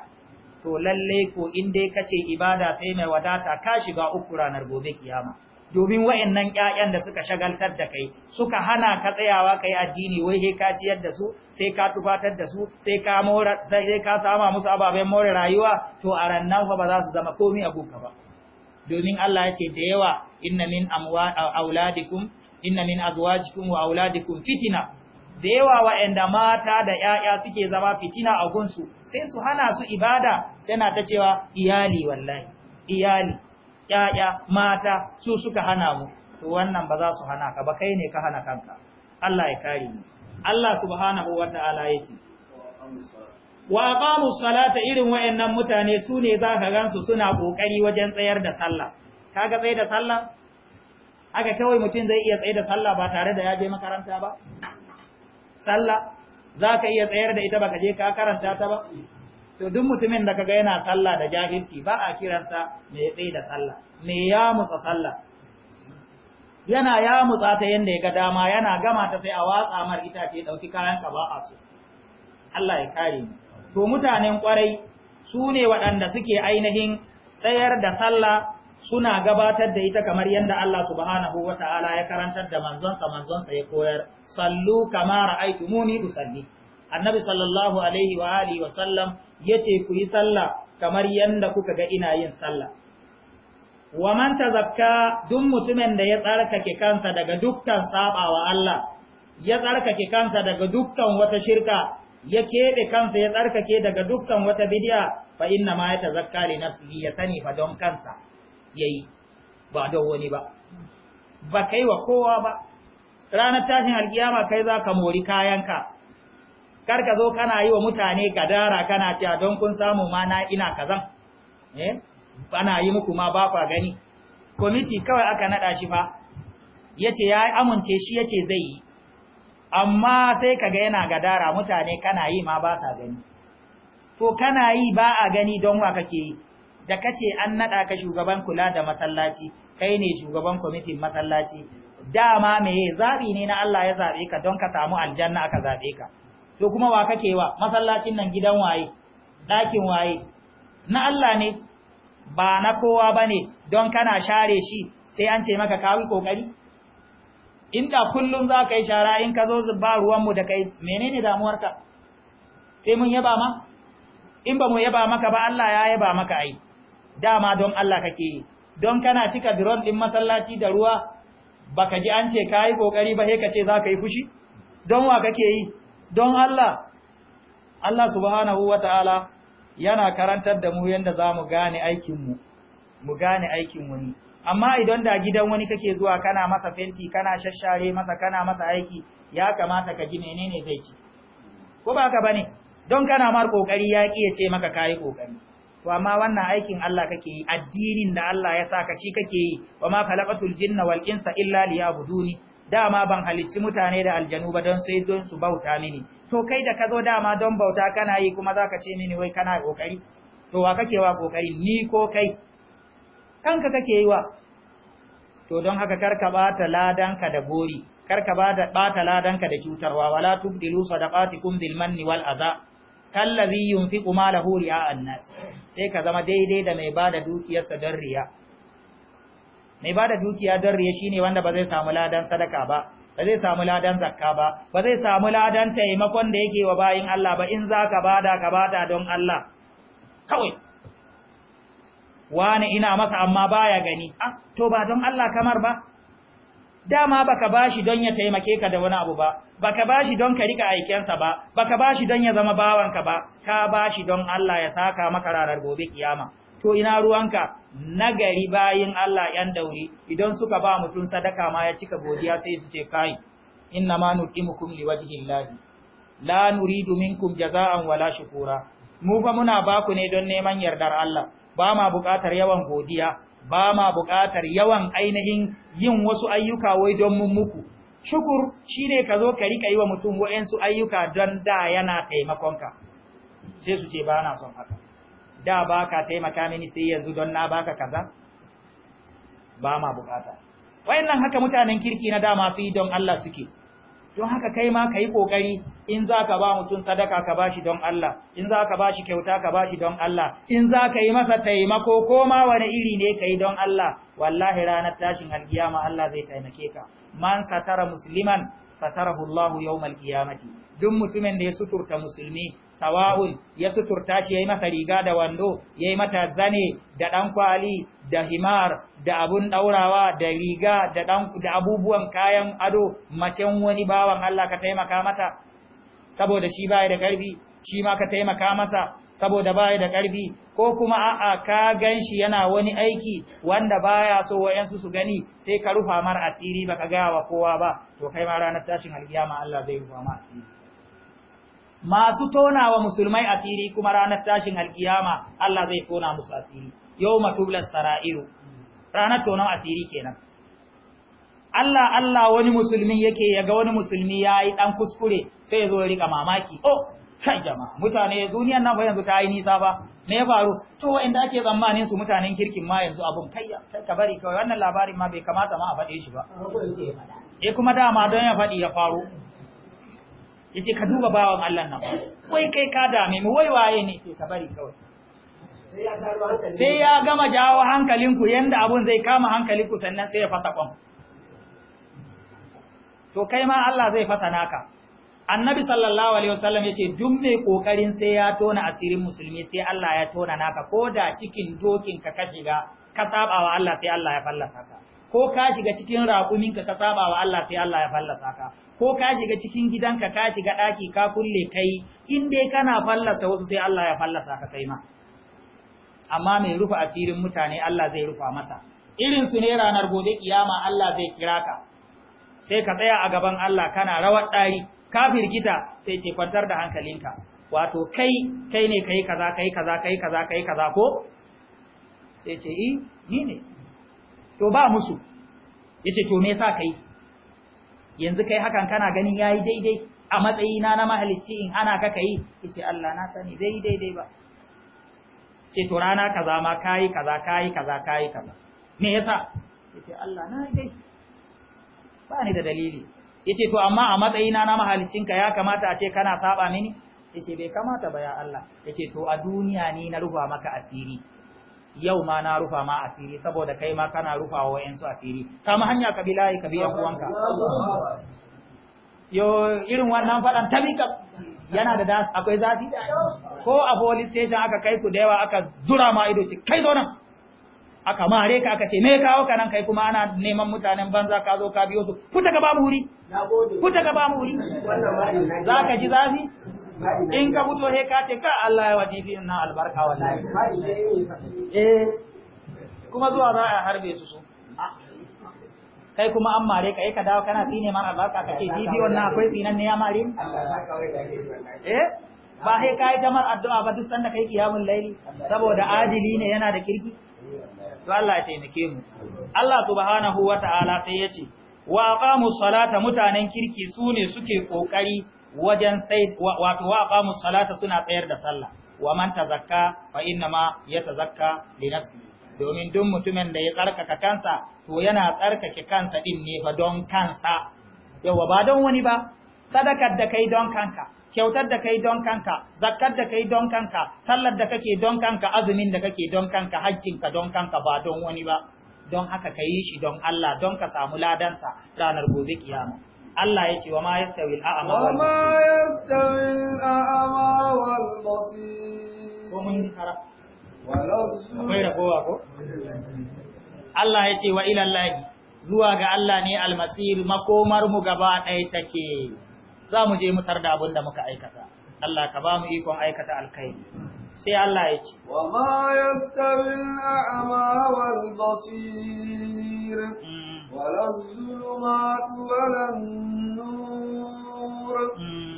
to lalle ko in dai kace ibada sai mai wadata ka shiga uku ranar gobe kiyama domin wayannan ƴaƴan da suka shagaltar da kai suka hana ka tsayawa kai addini wai sai ka ciyar da su sai ka tufatar da su sai ka mora sai sama musu ababen more rayuwa to a rannan fa ba za su zama komai a gunka ba domin Allah ya ce da yawa inna min auladikum inna min azwajikum wa auladikum fitina da yawa waɗanda mata da ‘ya'ya suke zama fitina a gunsu sai su hana su ibada sai na ta cewa iyali wallahi iyali Ƴaƴa, mata, su suka hana mu, to wannan ba za su hana ka ba kai ne ka hana kanka, Allah ya kare mu. Allah subhanahu wa ta'ala ya ce, Wa ƙamu salata irin wa'yannan mutane su ne za ka gansu suna ƙoƙari wajen tsayar da sallah, ka ga da sallah? Aka kawai mutum zai iya tsayar da sallah ba tare da ya je makaranta ba? Sallah, za ka iya tsayar da ita ba ka je ka karanta ta ba? to duk mutumin da kaga yana sallah da jahilci ba a kiransa mai tsaye da sallah mai ya mutsa sallah yana ya mutsa ta yanda ya ga dama yana gama ta sai a watsa mar itace dauki kayan ka ba a so Allah ya kare mu to mutanen kwarai su ne waɗanda suke ainihin tsayar da sallah suna gabatar da ita kamar yadda Allah subhanahu wa ta'ala ya karantar da manzonsa manzonsa ya koyar, sallu kama ra'aytumuni usalli. Annabi sallallahu Alaihi wa Alihi sallam Ya ce ku yi sallah kamar yadda kuka ga ina yin sallah wa man zafka duk mutumin da ya tsarkake kansa daga dukkan wa Allah ya tsarkake kansa daga dukkan wata shirka ya keɓe kansa ya tsarkake daga dukkan wata bidiya fa inna ma ya ta zafka ne nafsihi ya sani fa don kansa yayi ba don wani ba ba kai wa kowa ba ranar tashin alkiyama kai za ka mori kayanka kar ka zo kana yi wa mutane gadara kana cewa don kun samu ma na ina kazan eh ana yi muku ma ba fa gani komiti kawai aka nada shi fa yace ya amince shi yace zai yi amma sai kaga yana gadara mutane kana yi ma ba sa gani to kana yi ba a gani don wa kake da kace an nada ka shugaban kula da masallaci kai ne shugaban kwamitin masallaci dama me zabi ne na Allah ya zabe ka don ka samu aljanna aka zabe ka to kuma wa kake wa masallacin nan gidan waye ɗakin waye na Allah ne ba na kowa ba don kana share shi sai an ce maka kawi ƙoƙari inda kullum za ka yi shara in ka zo ba ruwanmu da kai menene damuwarka sai mun yaba ma in ba mu yaba maka ba Allah ya yaba maka ai dama don Allah kake yi don kana cika drone din masallaci da ruwa baka ji an ce kai kokari ba sai ka ce za ka yi fushi don wa kake yi don Allah Allah subhanahu wa ta'ala) yana karantar da mu yadda za mu gane aikinmu mu gane aikin wani amma idan da gidan wani kake zuwa kana masa fenti kana shashare masa kana masa aiki ya kamata ka ji menene zai ci ko ba ka bane don kana mar kokari ya ki ya ce maka kai kokari to amma wannan aikin Allah kake yi addinin da Allah ya saka shi kake yi wa ma khalaqatul jinna wal insa illa liya'buduni dama ban halicci mutane da aljanu ba don sai don su bauta mini to kai da ka zo dama don bauta kana yi kuma za ka ce mini wai kana kokari to wa kake wa kokari ni ko kai kanka kake yi wa to don haka karka bata ladanka da gori, karka bata bata ladanka da cutarwa wala tubdilu sadaqatikum bil manni wal adha kallazi yunfiqu malahu ri'a an-nas sai ka zama daidai da mai bada dukiyarsa don riya mai bada dukiya don riya ne wanda ba zai samu ladan sadaka ba ba zai samu ladan zakka ba ba zai samu ladan taimakon da yake wa bayin Allah ba in za ba bada ka bada don Allah kawai wani ina masa amma baya gani ah to ba don Allah kamar ba dama baka bashi don ya taimake ka da wani abu ba baka bashi don ka rika aikensa ba baka bashi don ya zama bawanka ba ka bashi don Allah ya saka maka ranar gobe kiyama to ina ruwanka nagari bayin Allah yan dauri idan suka ba mutum sadaka ma ya cika godiya sai su ce kai inna ma nuqimukum liwajhillahi la nuridu minkum jaza'an wala shukura mu fa muna ba ku ne don neman yardar Allah ba ma buƙatar yawan godiya ba ma buƙatar yawan ainihin yin wasu ayyuka wai don mun muku shukur shine ka zo ka rika yi wa mutum wa'ansu ayyuka don da yana taimakonka sai su ce ba na son haka da ba baka taimaka mini sai yanzu don na baka kaza ba ma bukata wayannan haka mutanen kirki na dama su yi don Allah suke don haka kai ma kai kokari in zaka ba mutun sadaka ka bashi don Allah in zaka bashi kyauta ka bashi don Allah in zaka yi masa taimako ko ma wani iri ne kai don Allah wallahi ranar tashin alkiyama Allah zai taimake ka man satara musliman satarahu Allah yawmal qiyamati duk mutumin da ya suturta musulmi sawa'un ya suturta shi yayi masa riga da wando ya yi mata zane da dan kwali da himar da abun daurawa da riga da abubuwan kayan ado macen wani bawan Allah ka taimaka mata saboda shi bai da karfi shi ma ka taimaka masa saboda bai da karfi ko kuma a'a ka gan shi yana wani aiki wanda baya so wayansu su gani sai ka rufa mar asiri baka ga wa kowa ba to kai ma ranar tashin alkiyama Allah zai rufa ma asiri masu tona wa musulmai asiri kuma ranar tashin alkiyama Allah zai tona musu asiri yau matublan sara'iru ranar tonon asiri kenan Allah Allah wani musulmi yake ya ga wani musulmi yayi ɗan kuskure sai yazo ya rika mamaki oh kai jama'a mutane duniyar nan fa yanzu ta yi nisa ba me ya faru to da ake tsammanin su mutanen kirkin ma yanzu abun kai ka bari kawai wannan labarin ma bai kamata ma a faɗe shi ba eh kuma dama don ya faɗi ya faru yace ka duba bawan Allah nan wai kai ka dame mu wai waye ne ce ka bari kawai sai ya gama jawo hankalinku yanda abun zai kama hankalinku sannan sai ya fasa kwan to kai ma Allah zai fasa naka annabi sallallahu alaihi wasallam yace duk mai kokarin sai ya tona asirin musulmi sai Allah ya tona naka ko da cikin dokin ka ka shiga ka saba wa Allah sai Allah ya fallasa ka ko ka shiga cikin raƙumin ka ka saba wa Allah sai Allah ya fallasa ka ko ka shiga cikin gidanka ka shiga ɗaki ka kulle kai in dai kana fallasa wasu sai Allah ya fallasa ka sai ma amma mai rufe asirin mutane Allah zai rufa masa irin su ne ranar gobe kiyama Allah zai kira ka sai ka tsaya a gaban Allah kana rawar ɗari ka firgita sai ce kwantar da hankalinka wato kai kai ne kai kaza kai kaza kai kaza kai kaza ko sai ce i eh, ni ne to ba musu yace to me yasa kai yanzu kai hakan kana ganin yayi daidai a matsayina na mahalicci in ana ka kai yace Allah na sani dai daidai ba ce to rana kaza ma kai kaza kai kaza kai kaza me yasa yace Allah na dai ba ni da dalili yace to amma a matsayina na ka ya kamata a ce kana saba mini yace bai kamata ba ya Allah yace to a duniya ne na ruba maka asiri yau ma na rufa ma asiri saboda kai ma kana rufa wa wa'yansu asiri kama hanya ka bi ka biya uwanka yo irin wannan faɗan ta yana da akwai zafi ko a police station aka kai ku da yawa aka zura ma ido ce kai zo nan aka mare ka aka ce me kawo ka nan kai kuma ana neman mutanen banza ka zo ka biyo su ta ka ba mu wuri ta ka ba mu wuri za ka ji zafi in ka buto he ka ce ka Allah ya wajibi na albarka wallahi eh kuma zuwa za a harbe su kai kuma an mare ka eh, ka dawo kana tsine man albarka kace bibi wannan akwai tsinan ne ya mare eh ba he kai ta addu'a ba duk sanda kai kiyamul laili saboda adili ne yana da kirki to Allah ya taimake mu Allah subhanahu ta'ala sai ya ce. wa aqamu salata mutanen kirki sune suke kokari wajen tsaye wato wa qamu salata suna tsayar da sallah wa man tazakka fa inna ma yatazakka li nafsi domin duk mutumin da ya tsarkaka kansa to yana tsarkake kansa din ne fa don kansa yawa ba don wani ba sadakar da kai don kanka kyautar da kai don kanka zakkar da kai don kanka sallar da kake don kanka azumin da kake don kanka hajjinka don kanka ba don wani ba don haka ka shi don Allah don ka samu ladansa ranar gobe kiyama Allah ya ce wa ma yastawi al'ama wal basir. Wa ma wal basir. Ko mun Akwai ragowa ko? Allah ya ce wa ilallahi zuwa ga Allah ne almasir makomar mu gaba ɗaya take. Za mu je mu tarda abin da muka aikata. Allah ka ba mu ikon aikata alkhairi. Sai Allah ya ce. Wa ma yastawi al'ama wal basir. Hmm. ولا الظلمات ولا النور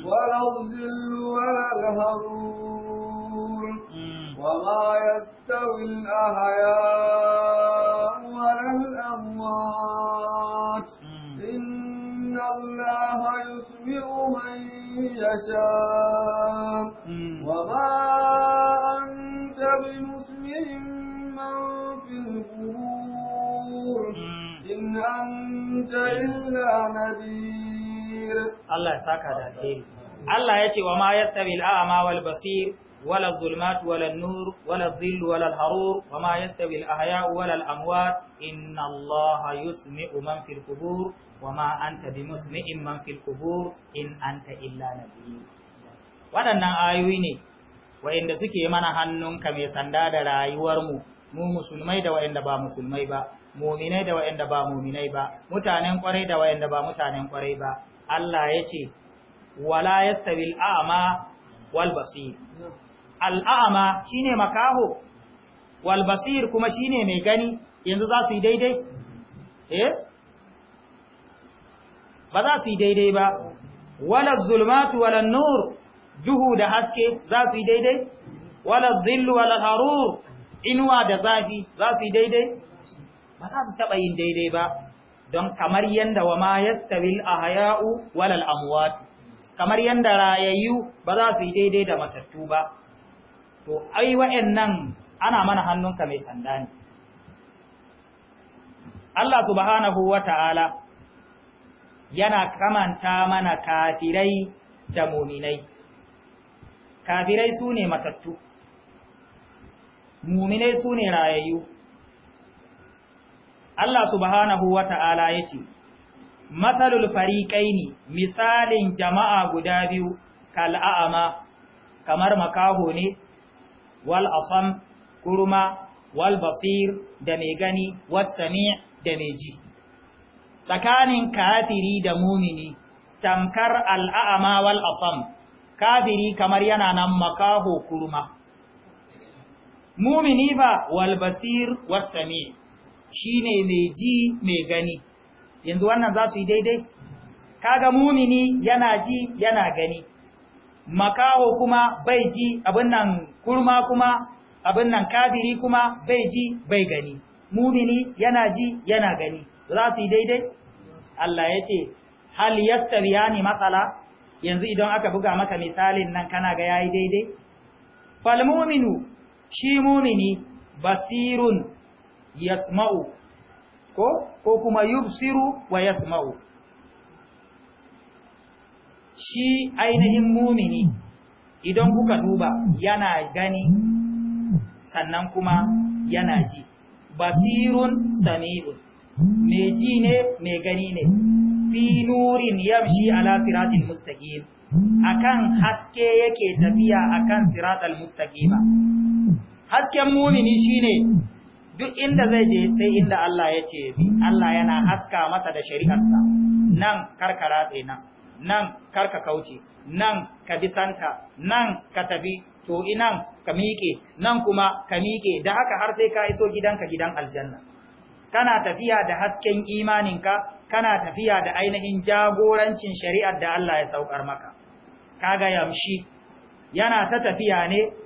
ولا الظل ولا الهرور وما يستوي الأحياء ولا الأموات إن الله يسمع من يشاء وما أنت بمسمع من في القبور in anta illa nadir Allah ya saka da alheri Allah ya ce wa ma yastawi al-a'ma wal basir ولا الظلمات ولا النور ولا الظل ولا الحرور وما يستوي الأحياء ولا الأموات إن الله يسمع من في القبور وما أنت بمسمع من في القبور إن أنت إلا نبي waɗannan ayoyi ne wa'inda suke mana hannunka mai sanda da rayuwarmu mu musulmai da waɗanda ba musulmai ba muminai da waɗanda ba muminai ba mutanen kwarai da waɗanda ba mutanen kwarai ba Allah ya ce wala yastabil a'ma wal basir al a'ma shine makaho wal basir kuma shine mai gani yanzu za su yi daidai eh ba za su yi daidai ba wala zulmatu wala nur duhu da haske za su yi daidai wala dhillu wala harur inuwa da zafi za su yi daidai ba za su taɓa yin daidai ba don kamar yadda wa ma yastawil ahya'u walal amwat kamar yadda rayayyu ba za su yi daidai da matattu ba to ai wa'annan ana mana hannun ka mai sanda ne Allah subhanahu wata'ala yana kamanta mana kafirai da muminai kafirai su ne matattu Mumine, su ne rayayyu Allah subhanahu wa ta'ala ya ce matsalul fariƙaini misalin jama'a guda biyu kal'a'ama kamar makaho ne wal asam kurma wal basir da mai gani watsami da mai ji tsakanin kafiri da mumini tamkar al'a'ama wal asam kafiri kamar yana nan makaho kurma mumini ba wal basir was sami shine mai ji mai gani yanzu wannan za su yi daidai kaga mumini yana ji yana gani makaho kuma bai ji abin nan kurma kuma abin nan kafiri kuma bai ji bai gani mumini yana ji yana gani za su yi daidai Allah ya ce hal yani matsala yanzu idan aka buga maka misalin nan kana ga yayi daidai fal shi mumini basirun yasma'u ko ko kuma yubsiru wa yasma'u shi ainihin mumini idan kuka duba yana gani sannan kuma yana ji basirun sami'un mai ji ne mai gani ne fi nurin yamshi ala siratin mustaqim akan haske yake tafiya akan siratal mustaqima hasken mumini shine duk inda zai je sai inda Allah ya ce bi Allah yana haska masa da shari'arsa nan karka ratse nan nan karka kauce nan ka bi santa nan ka tafi to inan ka miƙe nan kuma ka miƙe da haka har sai ka iso gidanka gidan aljanna kana tafiya da hasken imaninka kana tafiya da ainihin jagorancin shari'ar da Allah ya saukar maka kaga yamshi yana ta tafiya ne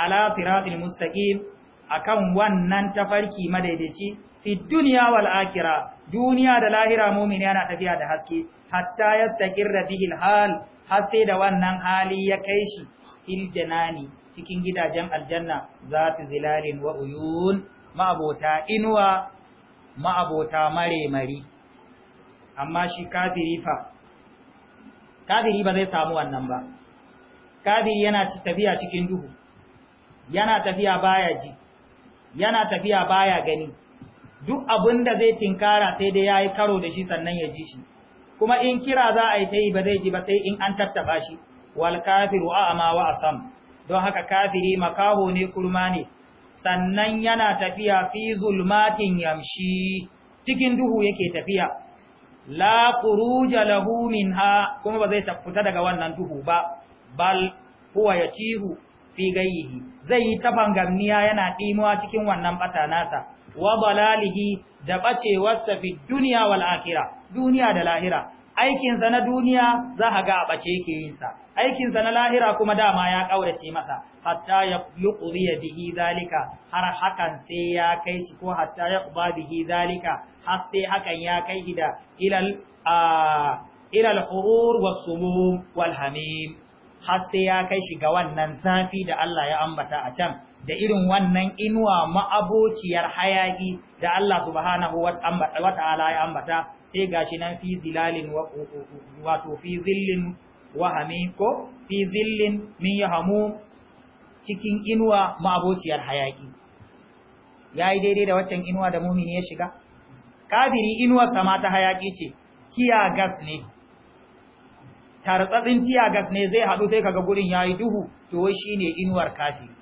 ala siratil mustaqim akan wannan tafarki madaidaici fi dunya wal akhirah duniya da lahira mu'mini yana tafiya da haske hatta yastaqirra bihi al hal har sai da wannan hali ya kai shi fil janani cikin gidajen aljanna zati zilalin wa uyun ma'abota inuwa ma'abota maremari amma shi kafiri fa kafiri ba zai samu wannan ba kafiri yana tafiya cikin duhu yana tafiya baya ji yana tafiya baya gani duk abin da zai tinkara sai dai yayi karo da shi sannan ya ji shi kuma in kira za a yi ta ba zai ji ba sai in an tattaba shi wal kafiru a'ma wa asam don haka kafiri makaho ne kurma ne sannan yana tafiya fi zulmatin yamshi cikin duhu yake tafiya la quruja lahu minha kuma ba zai tafuta daga wannan duhu ba bal huwa yatihu fi gayyihi zai yi ta bangamniya yana ɗimuwa cikin wannan bata nasa wa balalihi da bacewarsa fi duniya wal duniya da lahira Aikinsa na duniya za a ga a ɓace yake yin sa na lahira kuma dama ya ƙaurace masa hatta ya yuqri bihi zalika har hakan sai ya kai shi ko hatta ya quba bihi zalika har sai hakan ya kai shi da ilal a ah, ilal hurur was har sai ya kai shi ga wannan zafi da Allah ya ambata a can da irin wannan inuwa ma'abociyar hayaki da Allah subhanahu wa ta'ala ya ambata sai gashi nan fi zilalin wato fi zillin wahami ko fi zillin min yahamu cikin inuwa ma'abociyar hayaki yayi daidai da waccan inuwa da mumini ya shiga kafiri inuwar sama ta hayaki ce kiya gas ne tartsatsin tiyagas ne zai haɗu sai kaga gurin yayi duhu to wai shine inuwar kafiri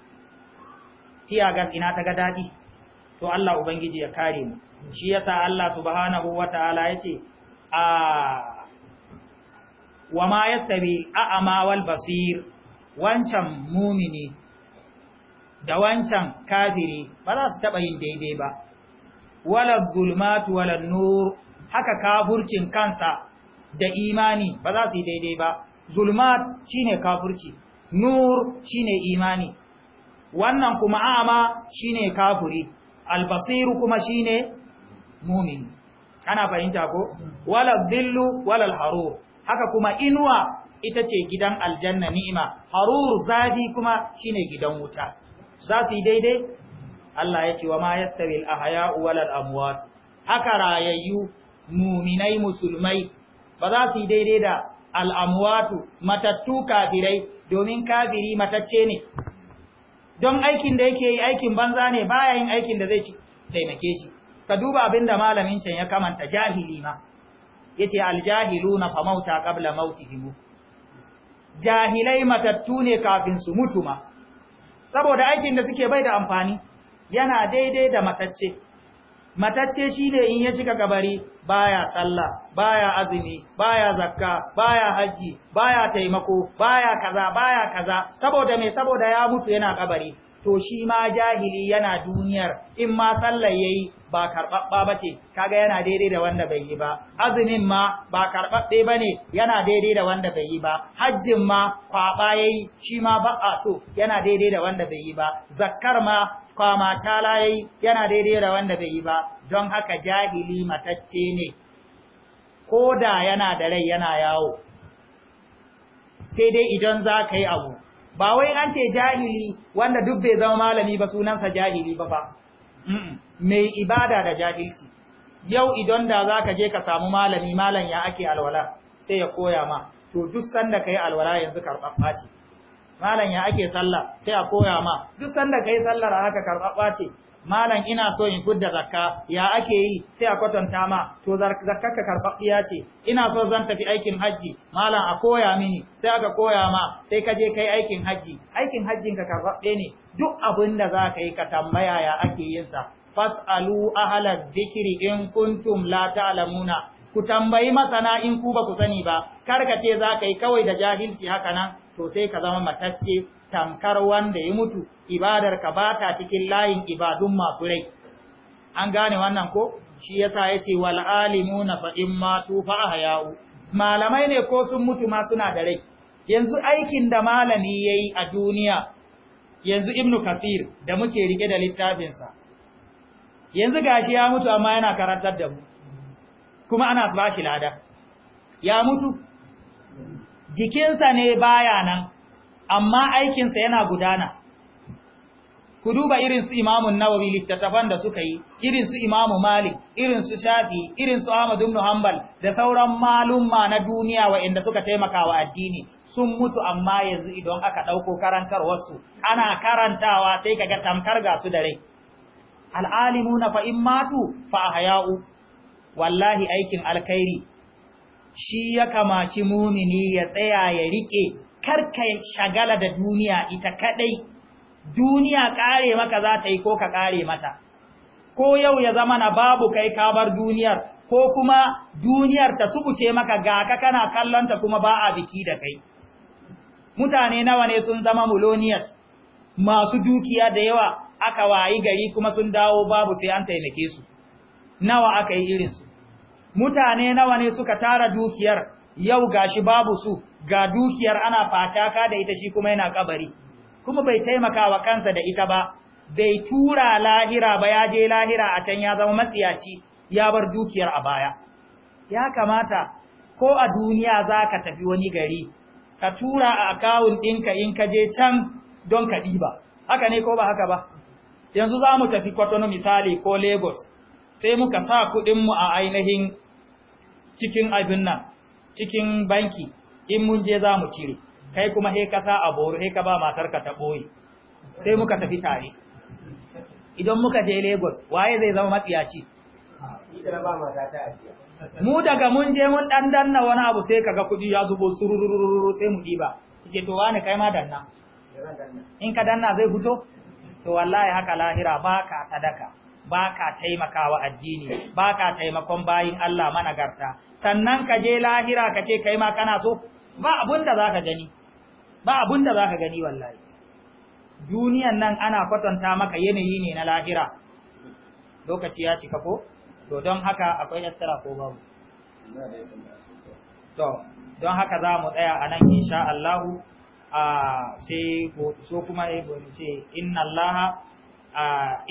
tiyagas ina ta ga daɗi? to Allah ubangiji ya kare mu shi yasa Allah subhanahu wataala yace a wa ma yastabi ama wal basir wancan mumini da wancan kafiri ba za su taɓa yin daidai ba wala zulmatu wala nur haka kafurcin kansa da imani ba za su yi daidai ba zulmat shine kafurci. nur shine imani wannan kuma ama shine kafiri albasiru kuma shine mumin ana fahimta ko wala dhillu wala harur haka kuma inuwa ita ce gidan aljanna ni'ima harur zafi kuma shine gidan wuta za su yi daidai Allah ya ce wa ma yastawi al-ahya'u wal amwat haka rayayyu muminai musulmai ba za su yi daidai da al'amuwatu matattu kafirai domin kafiri matacce ne don aikin da yake yi aikin banza ne baya yin aikin da zai taimake shi ka duba abin da malamin can ya kamanta jahili ma ya ce aljahilu na famauta kabla himu. jahilai matattu ne kafin su mutu ma saboda aikin da suke bai da amfani yana daidai da matacce matacce shi ne in ya shiga kabari baya sallah baya azumi baya zakka baya haji baya taimako baya kaza baya kaza saboda me saboda ya mutu yana kabari to shi ma jahili yana duniyar in ma sallar yayi ba karɓaɓɓa ba kaga yana daidai da wanda bai yi ba azumin ma ba karɓaɓɓe bane yana daidai da wanda bai yi ba hajjin ma kwaɓa yayi yi shi ma ba a so yana daidai da wanda bai yi ba zakkar ma kwama tala yayi yana daidai da wanda bai yi ba don haka jahili matacce ne ko da yana da rai yana yawo sai dai idan za ka yi abu ba wai an ce jahili wanda duk bai zama malami ba sunansa jahili ba ba mai ibada da jahilci yau idan da za ka je ka samu malami malam ya ake alwala sai ya koya ma to duk sanda ka yi alwala yanzu karɓaɓɓa ce malam ya ake sallah sai a koya ma duk sanda kai sallar haka karɓaɓɓa ce malam ina so in gudda zakka ya ake yi sai a kwatanta ma to zakka ka karɓaɓɓiya ce ina so zan tafi aikin hajji malam a koya mini sai aka koya ma sai ka je kai aikin hajji aikin hajjin ka karɓaɓɓe ne duk abin da za ka yi ka tambaya ya ake yin sa fas'alu ahla dhikri in kuntum la ta'lamuna ku tambayi masana in ku ba ku sani ba kar ka ce za ka yi kawai da jahilci haka nan to sai ka zama matacce tamkar wanda ya mutu ibadar ka ba ta cikin layin ibadun masu rai an gane wannan ko shi yasa yace wal alimuna fa in tu fa ahyau malamai ne ko sun mutu ma suna da rai yanzu aikin da malami yayi a duniya yanzu ibnu kathir da muke rike da littafin sa yanzu gashi ya mutu amma yana karantar da mu kuma ana bashi lada ya mutu jikinsa ne baya nan amma aikinsa yana gudana ku duba irin su imamun nawawi littattafan da suka yi irin su imamu malik irin su shafi irin su ahmad ibn hanbal da sauran malumma na duniya waɗanda suka taimaka wa addini sun mutu amma yanzu idan aka ɗauko wasu ana karantawa sai kaga tamkar ga su da rai al'alimu na in matu fa haya'u. wallahi aikin alkhairi shi ya kamaci mumini ya tsaya ya rike karka shagala da duniya ita kadai duniya kare maka za ta yi ko ka kare mata ko yau ya zama na babu kai ka bar duniyar ko kuma duniyar ta sukuce maka ga ka kana kallonta kuma ba a biki da kai mutane nawa ne sun zama muloniyas masu dukiya da yawa aka wayi gari kuma sun dawo babu sai an taimake su nawa aka yi irinsu mutane nawa ne suka tara dukiyar yau gashi babu su ga dukiyar ana fataka da ita shi kuma yana kabari kuma bai taimaka wa kansa da ita ba bai tura lahira ba ya je lahira a can ya zama matsiyaci ya bar dukiyar a baya ya kamata ko a duniya za ka tafi wani gari ka tura a akawun ɗinka in ka je can don ka ɗiba haka ne ko ba haka ba yanzu za mu tafi kwatano misali ko lagos sai muka sa mu a ainihin cikin abin nan cikin banki in mun je za mu cire kai kuma he kasa a boru he ka ba matarka ta boye sai muka tafi tare idan muka je Lagos waye zai zama matsiyaci mu daga mun je mun dan danna wani abu sai kaga kuɗi ya zubo sururururu sai mu diba ce to wani kai ma danna in ka danna zai fito to wallahi haka lahira baka sadaka ba ka taimakawa addini ba ka taimakon bayin Allah managarta sannan ka je lahira ka ce kai ma kana so ba abun da zaka gani ba abun da zaka gani wallahi duniyan nan ana kwatanta maka yanayi ne na lahira lokaci ya cika ko to don haka akwai yattara ko ba to don haka za mu tsaya a nan insha Allah ah, sai so kuma ya ce inna Allah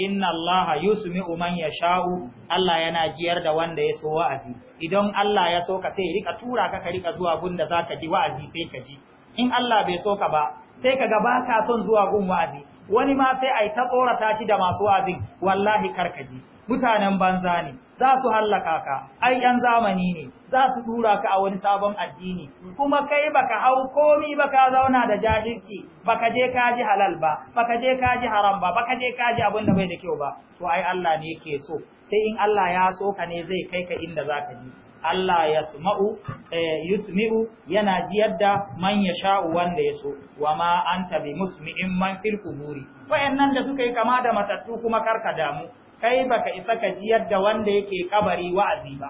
inna Allah yusmi'u man yasha'u Allah yana jiyar da wanda ya so wa'azi idan Allah ya so ka sai rika tura ka ka rika zuwa gun da zaka ji wa'azi sai ka ji in Allah bai so ka ba sai ka ga baka son zuwa gun wa'azi wani ma sai ai ta tsorata shi da masu wa'azin wallahi kar ka ji mutanen banza ne za su hallaka ka ai yan zamani ne za su dura ka a wani sabon addini kuma kai baka hau komi baka zauna da jahilci baka je ka halal ba baka je ka haram ba baka je ka abin da bai da kyau ba to ai Allah ne ke so sai in Allah ya so ka ne zai kai ka inda za ka ji Allah ya suma'u eh, yusmi'u yana ji yadda man ya sha'u wanda ya so wa ma an tabi musmi'in man fil quburi wayannan da suka yi kama da matattu kuma karka damu kai baka isa ka jiyar da wanda yake kabari wa'azi ba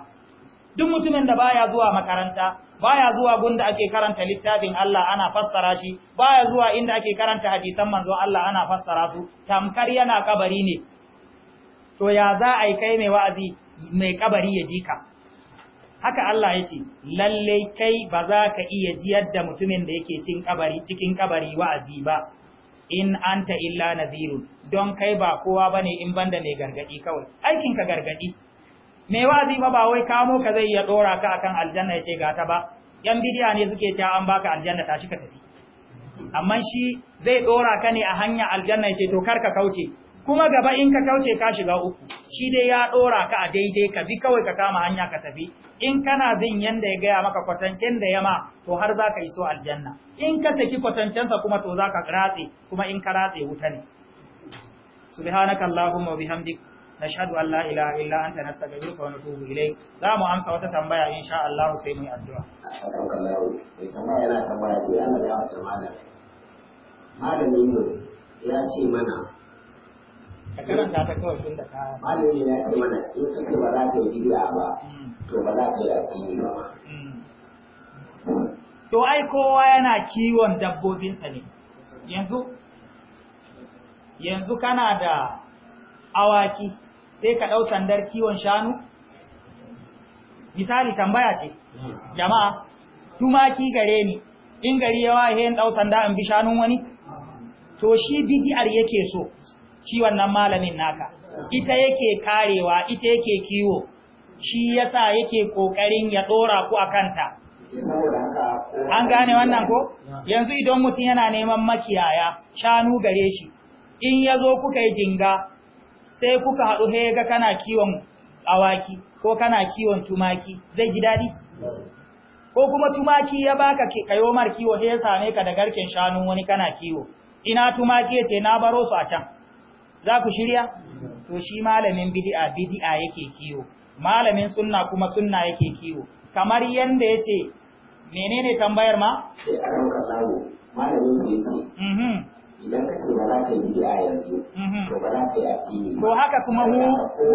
duk mutumin da baya zuwa makaranta baya zuwa gunda ake karanta littafin Allah ana fassara shi baya zuwa inda ake karanta hadisan manzo Allah ana fassara su tamkar yana kabari ne to ya za a kai mai wa'azi mai kabari ya ji ka haka Allah yake lalle kai ba za ka iya jiyar da mutumin da yake cikin kabari cikin kabari wa'azi ba in anta illa nadhirun don kai ba kowa bane in banda mai gargadi kawai aikin ka gargadi Me wazi ba ba wai kamo ka zai ya dora ka akan aljanna yace ga ta ba yan bidiya ne suke cewa an baka aljanna tashi ka tafi amma shi zai dora ka ne a hanya aljanna yace to kar ka kauce kuma gaba in ka kauce ka shiga uku shi dai ya dora ka a daidai ka bi kawai ka kama hanya ka tafi in kana bin yanda ya gaya maka kwatancen da yama to har za ka iso aljanna in ka saki kwatancensa kuma to za ka ratse kuma in ka ratse wuta ne subhanaka allahumma wa bihamdik nashhadu an la ilaha illa anta nastaghfiruka wa natubu ilayk za mu amsa wata tambaya insha Allah sai mu yi addu'a yana tambaya ce da ya ce mana ka karanta ta kawai tun da ka malami ya ce mana in ka ba za ka yi ba to ba za ka yi addini ba mm. to ai kowa yana kiwon dabbobinsa ne yanzu yanzu kana da awaki sai ka ɗau sandar kiwon shanu misali tambaya ce jama'a tumaki gare ni in gari yawa hen ɗau sanda in bi shanun wani to shi bidiyar yake so shi nan malamin naka ita yake karewa ita yake kiwo shi yasa yake kokarin ya dora ku akanta an gane wannan ko yanzu idan mutum yana neman makiyaya shanu gare shi in yazo kuka yi jinga sai kuka haɗu hega kana kiwon awaki ko kana kiwon tumaki zai ji dadi ko kuma tumaki ya baka kayomar kiwo sai ya same ka da garken shanu wani kana kiwo ina tumaki yace na baro su a can za ku shirya to shi malamin bid'a bid'a yake kiwo malamin sunna kuma sunna yake kiwo kamar yanda yace menene tambayar ma mhm idan ka ce ba za ka yi Ko mhm. haka kuma mu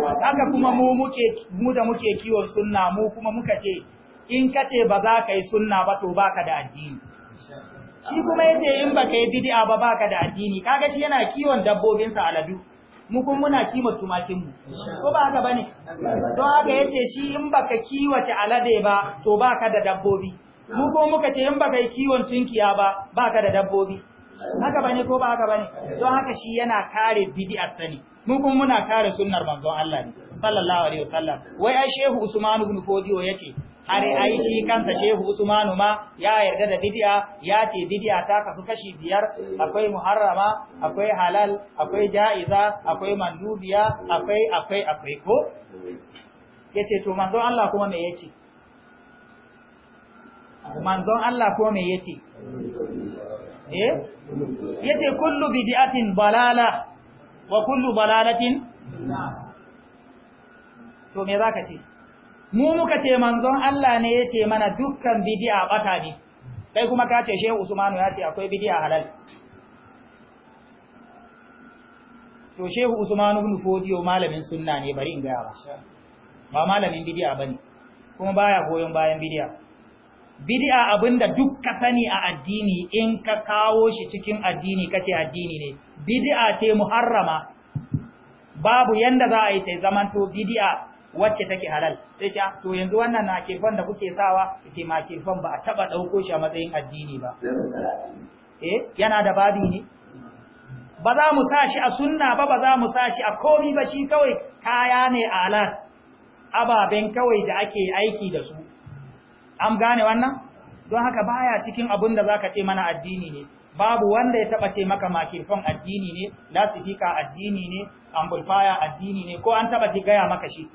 haka kuma mu muke mu da muke kiwon sunna mu kuma muka ce in ka ce ba za ka yi sunna ba to baka da addini shi kuma yace in baka yi bid'a ba baka da addini kaga shi yana kiwon dabbobin sa aladu mu kun muna kima tumakin mu ko ba haka bane don haka yace shi in baka kiwace alade ba to baka da dabbobi mu ko muka ce in baka yi kiwon tunkiya ba baka da dabbobi haka bane ko ba haka bane don haka shi yana kare bid'a sani mu kun muna kare sunnar manzon Allah ne sallallahu alaihi wasallam wai ai shehu usman ibn fodiyo yace har ai shi kansa shehu usmanu ma ya yarda da bid'a ya ce bid'a ta kasu kashi biyar akwai muharrama akwai halal akwai ja'iza akwai mandubiya akwai akwai akwai ko yace to manzon Allah kuma me yace manzon Allah kuma me yace eh yace kullu bid'atin balala wa kullu balalatin to me zaka ce mu muka ce manzon Allah ne ya ce mana dukkan bid'a bata ne kai kuma ka ce shehu usmanu ya ce akwai bid'a halal to shehu usmanu ibn fodiyo malamin sunna ne bari in ga ba ba malamin bid'a bane kuma baya goyon bayan bid'a bidi'a abinda duk ka sani a addini in ka kawo shi cikin addini kace addini ne bidi'a ce muharrama babu yanda za a yi ta to bid'a wacce take halal sai ce ah, to yanzu wannan na kirfan da kuke sawa ce ma ba a taba dauko shi a matsayin addini ba eh yana da babi ne ba za mu sa shi a sunna ba ba za mu sa shi a komi ba shi kawai kaya ne alat ababen kawai da ake aiki da su an gane wannan don haka baya cikin abun da zaka ce mana addini ne babu wanda ya taba ce maka makirfan addini ne lasifika addini ne amplifier addini ne ko an taba ji gaya maka shi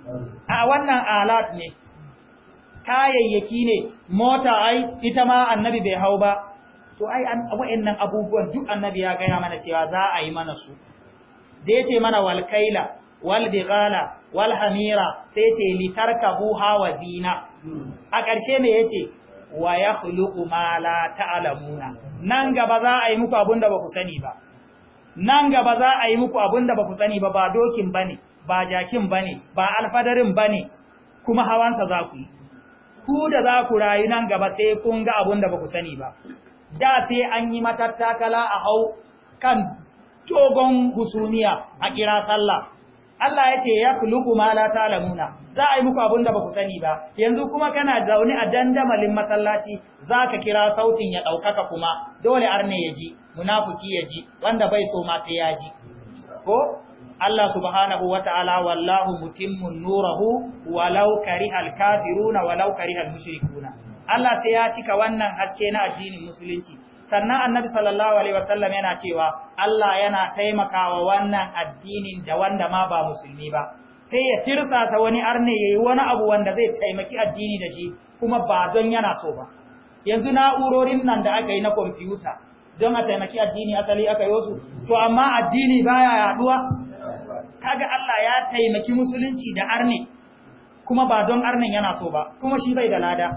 a wannan alat ne kayayyaki ne mota ai ita ma annabi bai hau ba to ai wa'annan abubuwan duk annabi ya gaya mana cewa za a yi mana su da yace mana walkaila wal walhamira sai ce buha wa dina. a ƙarshe ne yace wa yakhluqu ma la ta'lamuna nan gaba za a yi muku da ba ku sani ba nan gaba za a yi muku abin da ba ku sani ba ba dokin ba ba jakin ba ba alfadarin ba kuma hawansa za ku yi ku da za ku rayu nan gaba sai kun ga abin da ba ku sani ba da sai an yi matattakala a hau kan Togon husumiya a kira sallah Allah ya ce ya kuluku ma la ta'lamuna za a yi muku abin da ba ku sani ba yanzu kuma kana zaune a dandamalin masallaci ka kira sautin ya ɗaukaka kuma dole arne ya ji munafiki ya ji wanda bai so ma sai ya ji ko Allah subhanahu wata'ala wallahu mutimmun nurahu walau karihal kafiruna walau karihal mushrikuna Allah sai ya cika wannan haske na addinin musulunci sannan annabi sallallahu alaihi wasallam yana cewa Allah yana taimakawa wannan addinin da wanda ma ba musulmi ba sai ya tirsa ta wani arne yayi wani abu wanda zai taimaki addini da shi kuma ba don yana so ba yanzu na'urorin nan da aka yi na kwamfuta don a taimaki addini asali aka yi su to amma addini baya yaduwa kaga Allah ya taimaki musulunci da arne kuma ba don arnin yana so ba kuma shi bai da lada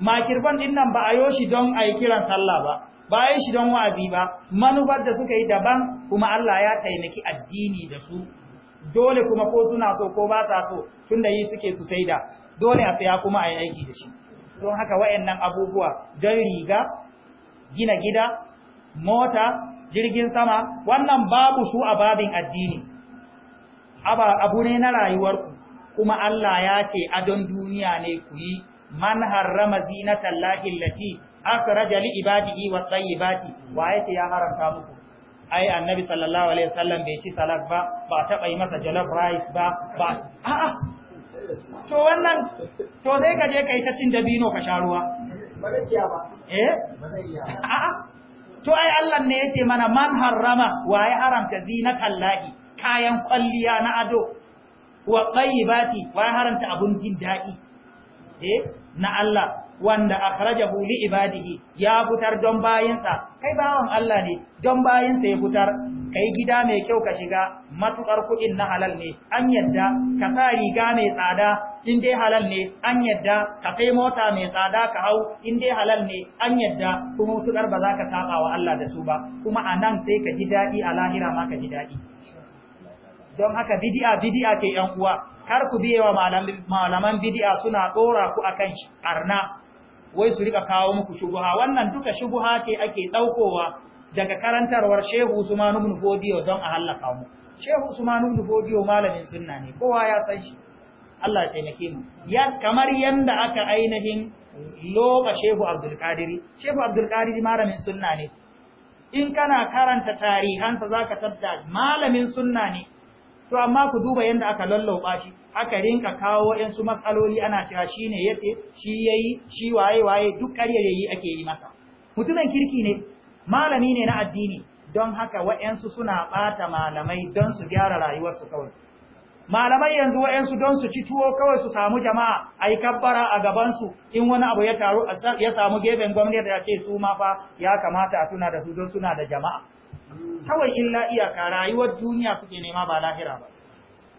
makirban din nan ba a yo shi don a yi kiran sallah ba ba a yi shi don wa'azi ba manufar da suka yi daban kuma Allah ya taimaki addini da su dole kuma ko suna so ko ba sa so tunda yi suke su saida dole a saya kuma a yi aiki da shi don haka wayannan abubuwa don riga gina gida mota jirgin sama wannan babu su a babin addini abu ne na rayuwarku kuma Allah ya ce adon duniya ne ku yi man harrama zinatan lahillati akhraja li ibadihi wa tayyibati wa yace ya haramta muku ai annabi sallallahu alaihi wasallam bai ci salak ba ba ta yi masa jollof rice ba ba a'a to wannan to sai ka je kai ta cin dabino ka sha ruwa Eh? to ai Allah ne yake mana man harrama wa ya haramta zina lahi kayan kwalliya na ado wa tayyibati wa haramta abun jin daɗi eh na Allah wanda akhrajahu li ibadihi ya fitar don bayinsa kai bawan Allah ne don bayinsa ya fitar kai gida mai kyau ka shiga matukar kuɗin na halal ne an yadda ka sa riga mai tsada in dai halal ne an yadda ka sai mota mai tsada ka hau in dai halal ne an yadda kuma mutuƙar ba za ka saba wa Allah da su ba kuma a nan sai ka ji daɗi a lahira ma ka ji daɗi don haka bidi'a bidi'a ce yan uwa kar ku wa malaman bidi'a suna ɗora ku akan arna wai su rika kawo muku shubuha wannan duka shubuha ce ake ɗaukowa daga karantarwar shehu Usman ibn Godiyo don a hallaka mu shehu Usman ibn Godiyo malamin sunna ne kowa ya san shi Allah ya taimake mu ya kamar yanda aka ainihin loka Shehu Abdul Qadiri Shehu Abdul Qadiri malamin sunna ne in kana karanta tarihansa zaka tabbata malamin sunna ne to amma ku duba yanda aka lallauba shi aka rinka kawo ɗan su matsaloli ana cewa shine yace shi yayi shi waye waye duk ƙarya yayi ake yi masa mutumin kirki ne malami ne na addini don haka wa'yansu suna ɓata malamai don su gyara rayuwarsu kawai malamai yanzu wa'yansu don su ci tuwo kawai su samu jama'a a yi kabbara a gabansu in wani abu ya taru ya samu gefen gwamnati ya ce su ma fa ya kamata a tuna da su don suna da jama'a kawai illa iyaka rayuwar duniya suke nema ba lahira ba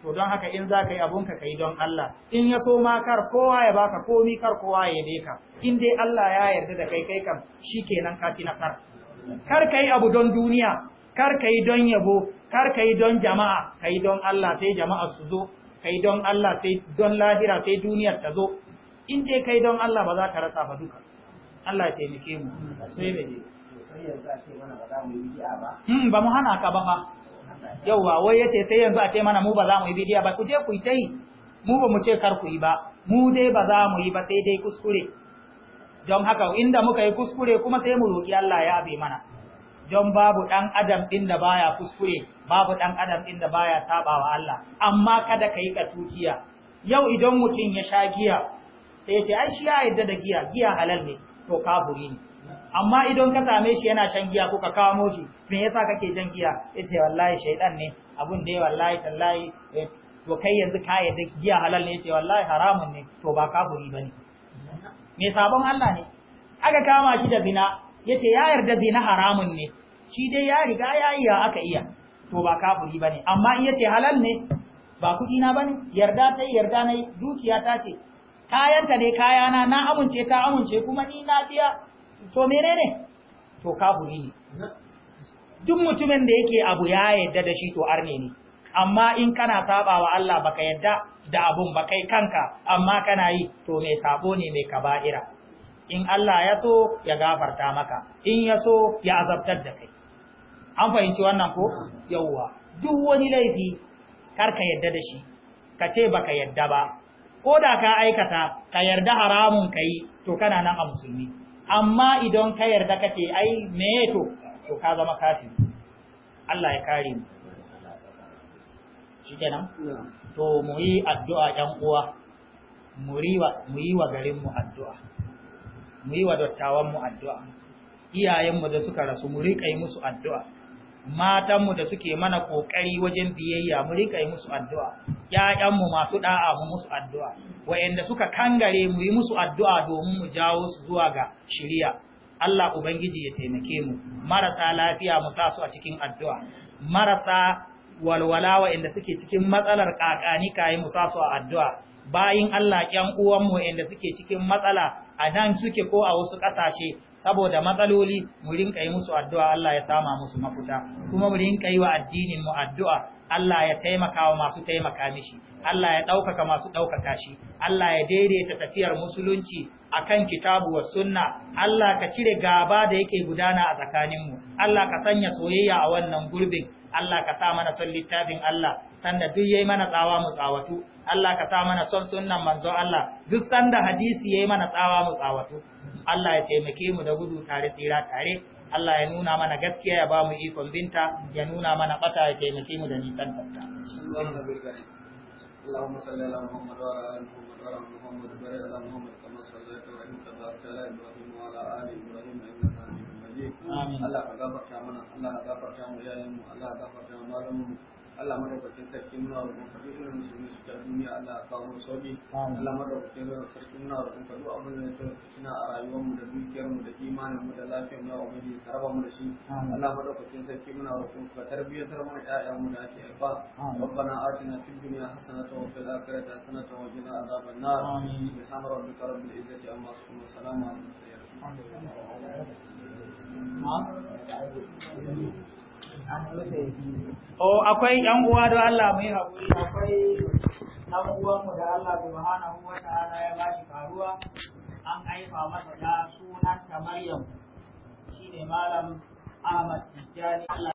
to don haka in za ka yi abunka ka yi don Allah in ya so ma kar kowa ya baka komi kar kowa ya yabe ka in dai Allah ya yarda da kai kai kam shi kenan ka ci nasara kar ka yi abu don duniya kar ka yi don yabo kar ka yi don jama'a ka yi don Allah sai jama'a su zo ka yi don Allah sai don lahira sai duniyar ta zo in dai ka yi don Allah ba za ka rasa ba duka Allah ya taimake mu sai ne ba mu hana ka ba fa yauwa wai yace sai yanzu a ce mana mu ba za mu yi bidiya ba ku je ku yi ta yi mu ba mu ce kar ku yi ba mu dai ba za mu yi ba sai dai kuskure don haka inda muka yi kuskure kuma sai mu roƙi Allah ya abe mana don babu ɗan adam ɗin da baya kuskure babu ɗan adam ɗin da baya sabawa Allah amma kada ka yi katukiya yau idan mutum ya sha giya sai ce ai shi ya yarda da giya giya halal ne to kafuri ne amma idan ka same shi yana shan giya ko ka kawo moji me yasa kake jan giya yace wallahi shaidan ne abun da wallahi tallahi to kai yanzu ka yadda giya halal ne yace wallahi haramun ne to ba kafuri bane me sabon Allah ne aka kama shi da zina yace ya yarda na haramun ne shi dai ya riga ya yi ya aka iya to ba kafiri bane amma in yace halal ne ba kuɗi na bane yarda ta yarda na dukiya ta ce kayanta ne kayana na amince ta amince kuma ni na biya to menene to kafiri ne duk mutumin da yake abu ya yarda da shi to arne ne amma in kana saba wa Allah baka yarda da abun ba kai kanka amma kana yi to mai sabo ne mai kaba'ira in Allah ya so ya gafarta maka in ya so ya azabtar da kai an fahimci wannan ko yawwa duk wani laifi kar ka yadda da shi ka ce baka yadda ba ko da ka aikata ka yarda haramun kai to kana nan a musulmi amma idan ka yarda kace ai me to to ka zama kafiri Allah ya kare mu kenan to mu yi addu'a ɗan uwa mu yi wa garin mu addu'a mu yi wa dattawan mu addu'a iyayenmu da suka rasu mu riƙa yi musu addu'a matanmu da suke mana ƙoƙari wajen biyayya mu riƙa yi musu addu'a Ya'yanmu masu ɗa'a mu musu addu'a wayanda suka kangare mu yi musu addu'a domin mu jawo su zuwa ga shiriya Allah ubangiji ya taimake mu marasa lafiya mu sa su a cikin addu'a marasa walwala wayanda suke cikin matsalar kakani kai mu sa a addu'a bayin Allah ƴan uwanmu inda suke cikin matsala a nan suke ko a wasu ƙasashe saboda matsaloli mu rinka yi musu addu'a Allah ya sama musu mafuta kuma mu rinka yi wa addinin mu addu'a Allah ya taimaka wa masu taimaka mishi, Allah ya ɗaukaka masu ɗaukaka shi, Allah ya daidaita tafiyar musulunci a kan kitabu wa sunna, Allah ka cire gaba da yake gudana a tsakaninmu, Allah ka sanya soyayya a wannan gurbin, Allah ka sa mana son littafin Allah sanda duk yayi mana tsawa mu tsawatu Allah ka sa mana son sunnan manzo Allah duk sanda hadisi yayi mana tsawa mu tsawatu Allah ya taimake mu da gudu tare tsira tare Allah ya nuna mana gaskiya ya ba mu ikon binta ya nuna mana bata ya taimake mu da nisan tatta wa ala ali dace Allah ka gafarta mana Allah ka gafarta mu yayin mu Allah ka gafarta mu mu Allah madaukakin sarki muna irin su duniya Allah ka kawo sauki Allah madaukakin sarki muna abin da a rayuwar mu da dukiyar mu da imanin mu da lafiyar mu ka raba mu da shi Allah madaukakin sarki muna roƙon ka tarbiyyatar mana ƴaƴan mu da ake haifa ربنا Oh, akwai ‘yan uwa da Allah mai haƙuri, akwai ɗan uwanmu da Allah subhanahu wa ta'ala ya ba shi faruwa, an haifa masa da sunan Maryam, shi ne Malam Ahmad Tijjani Allah.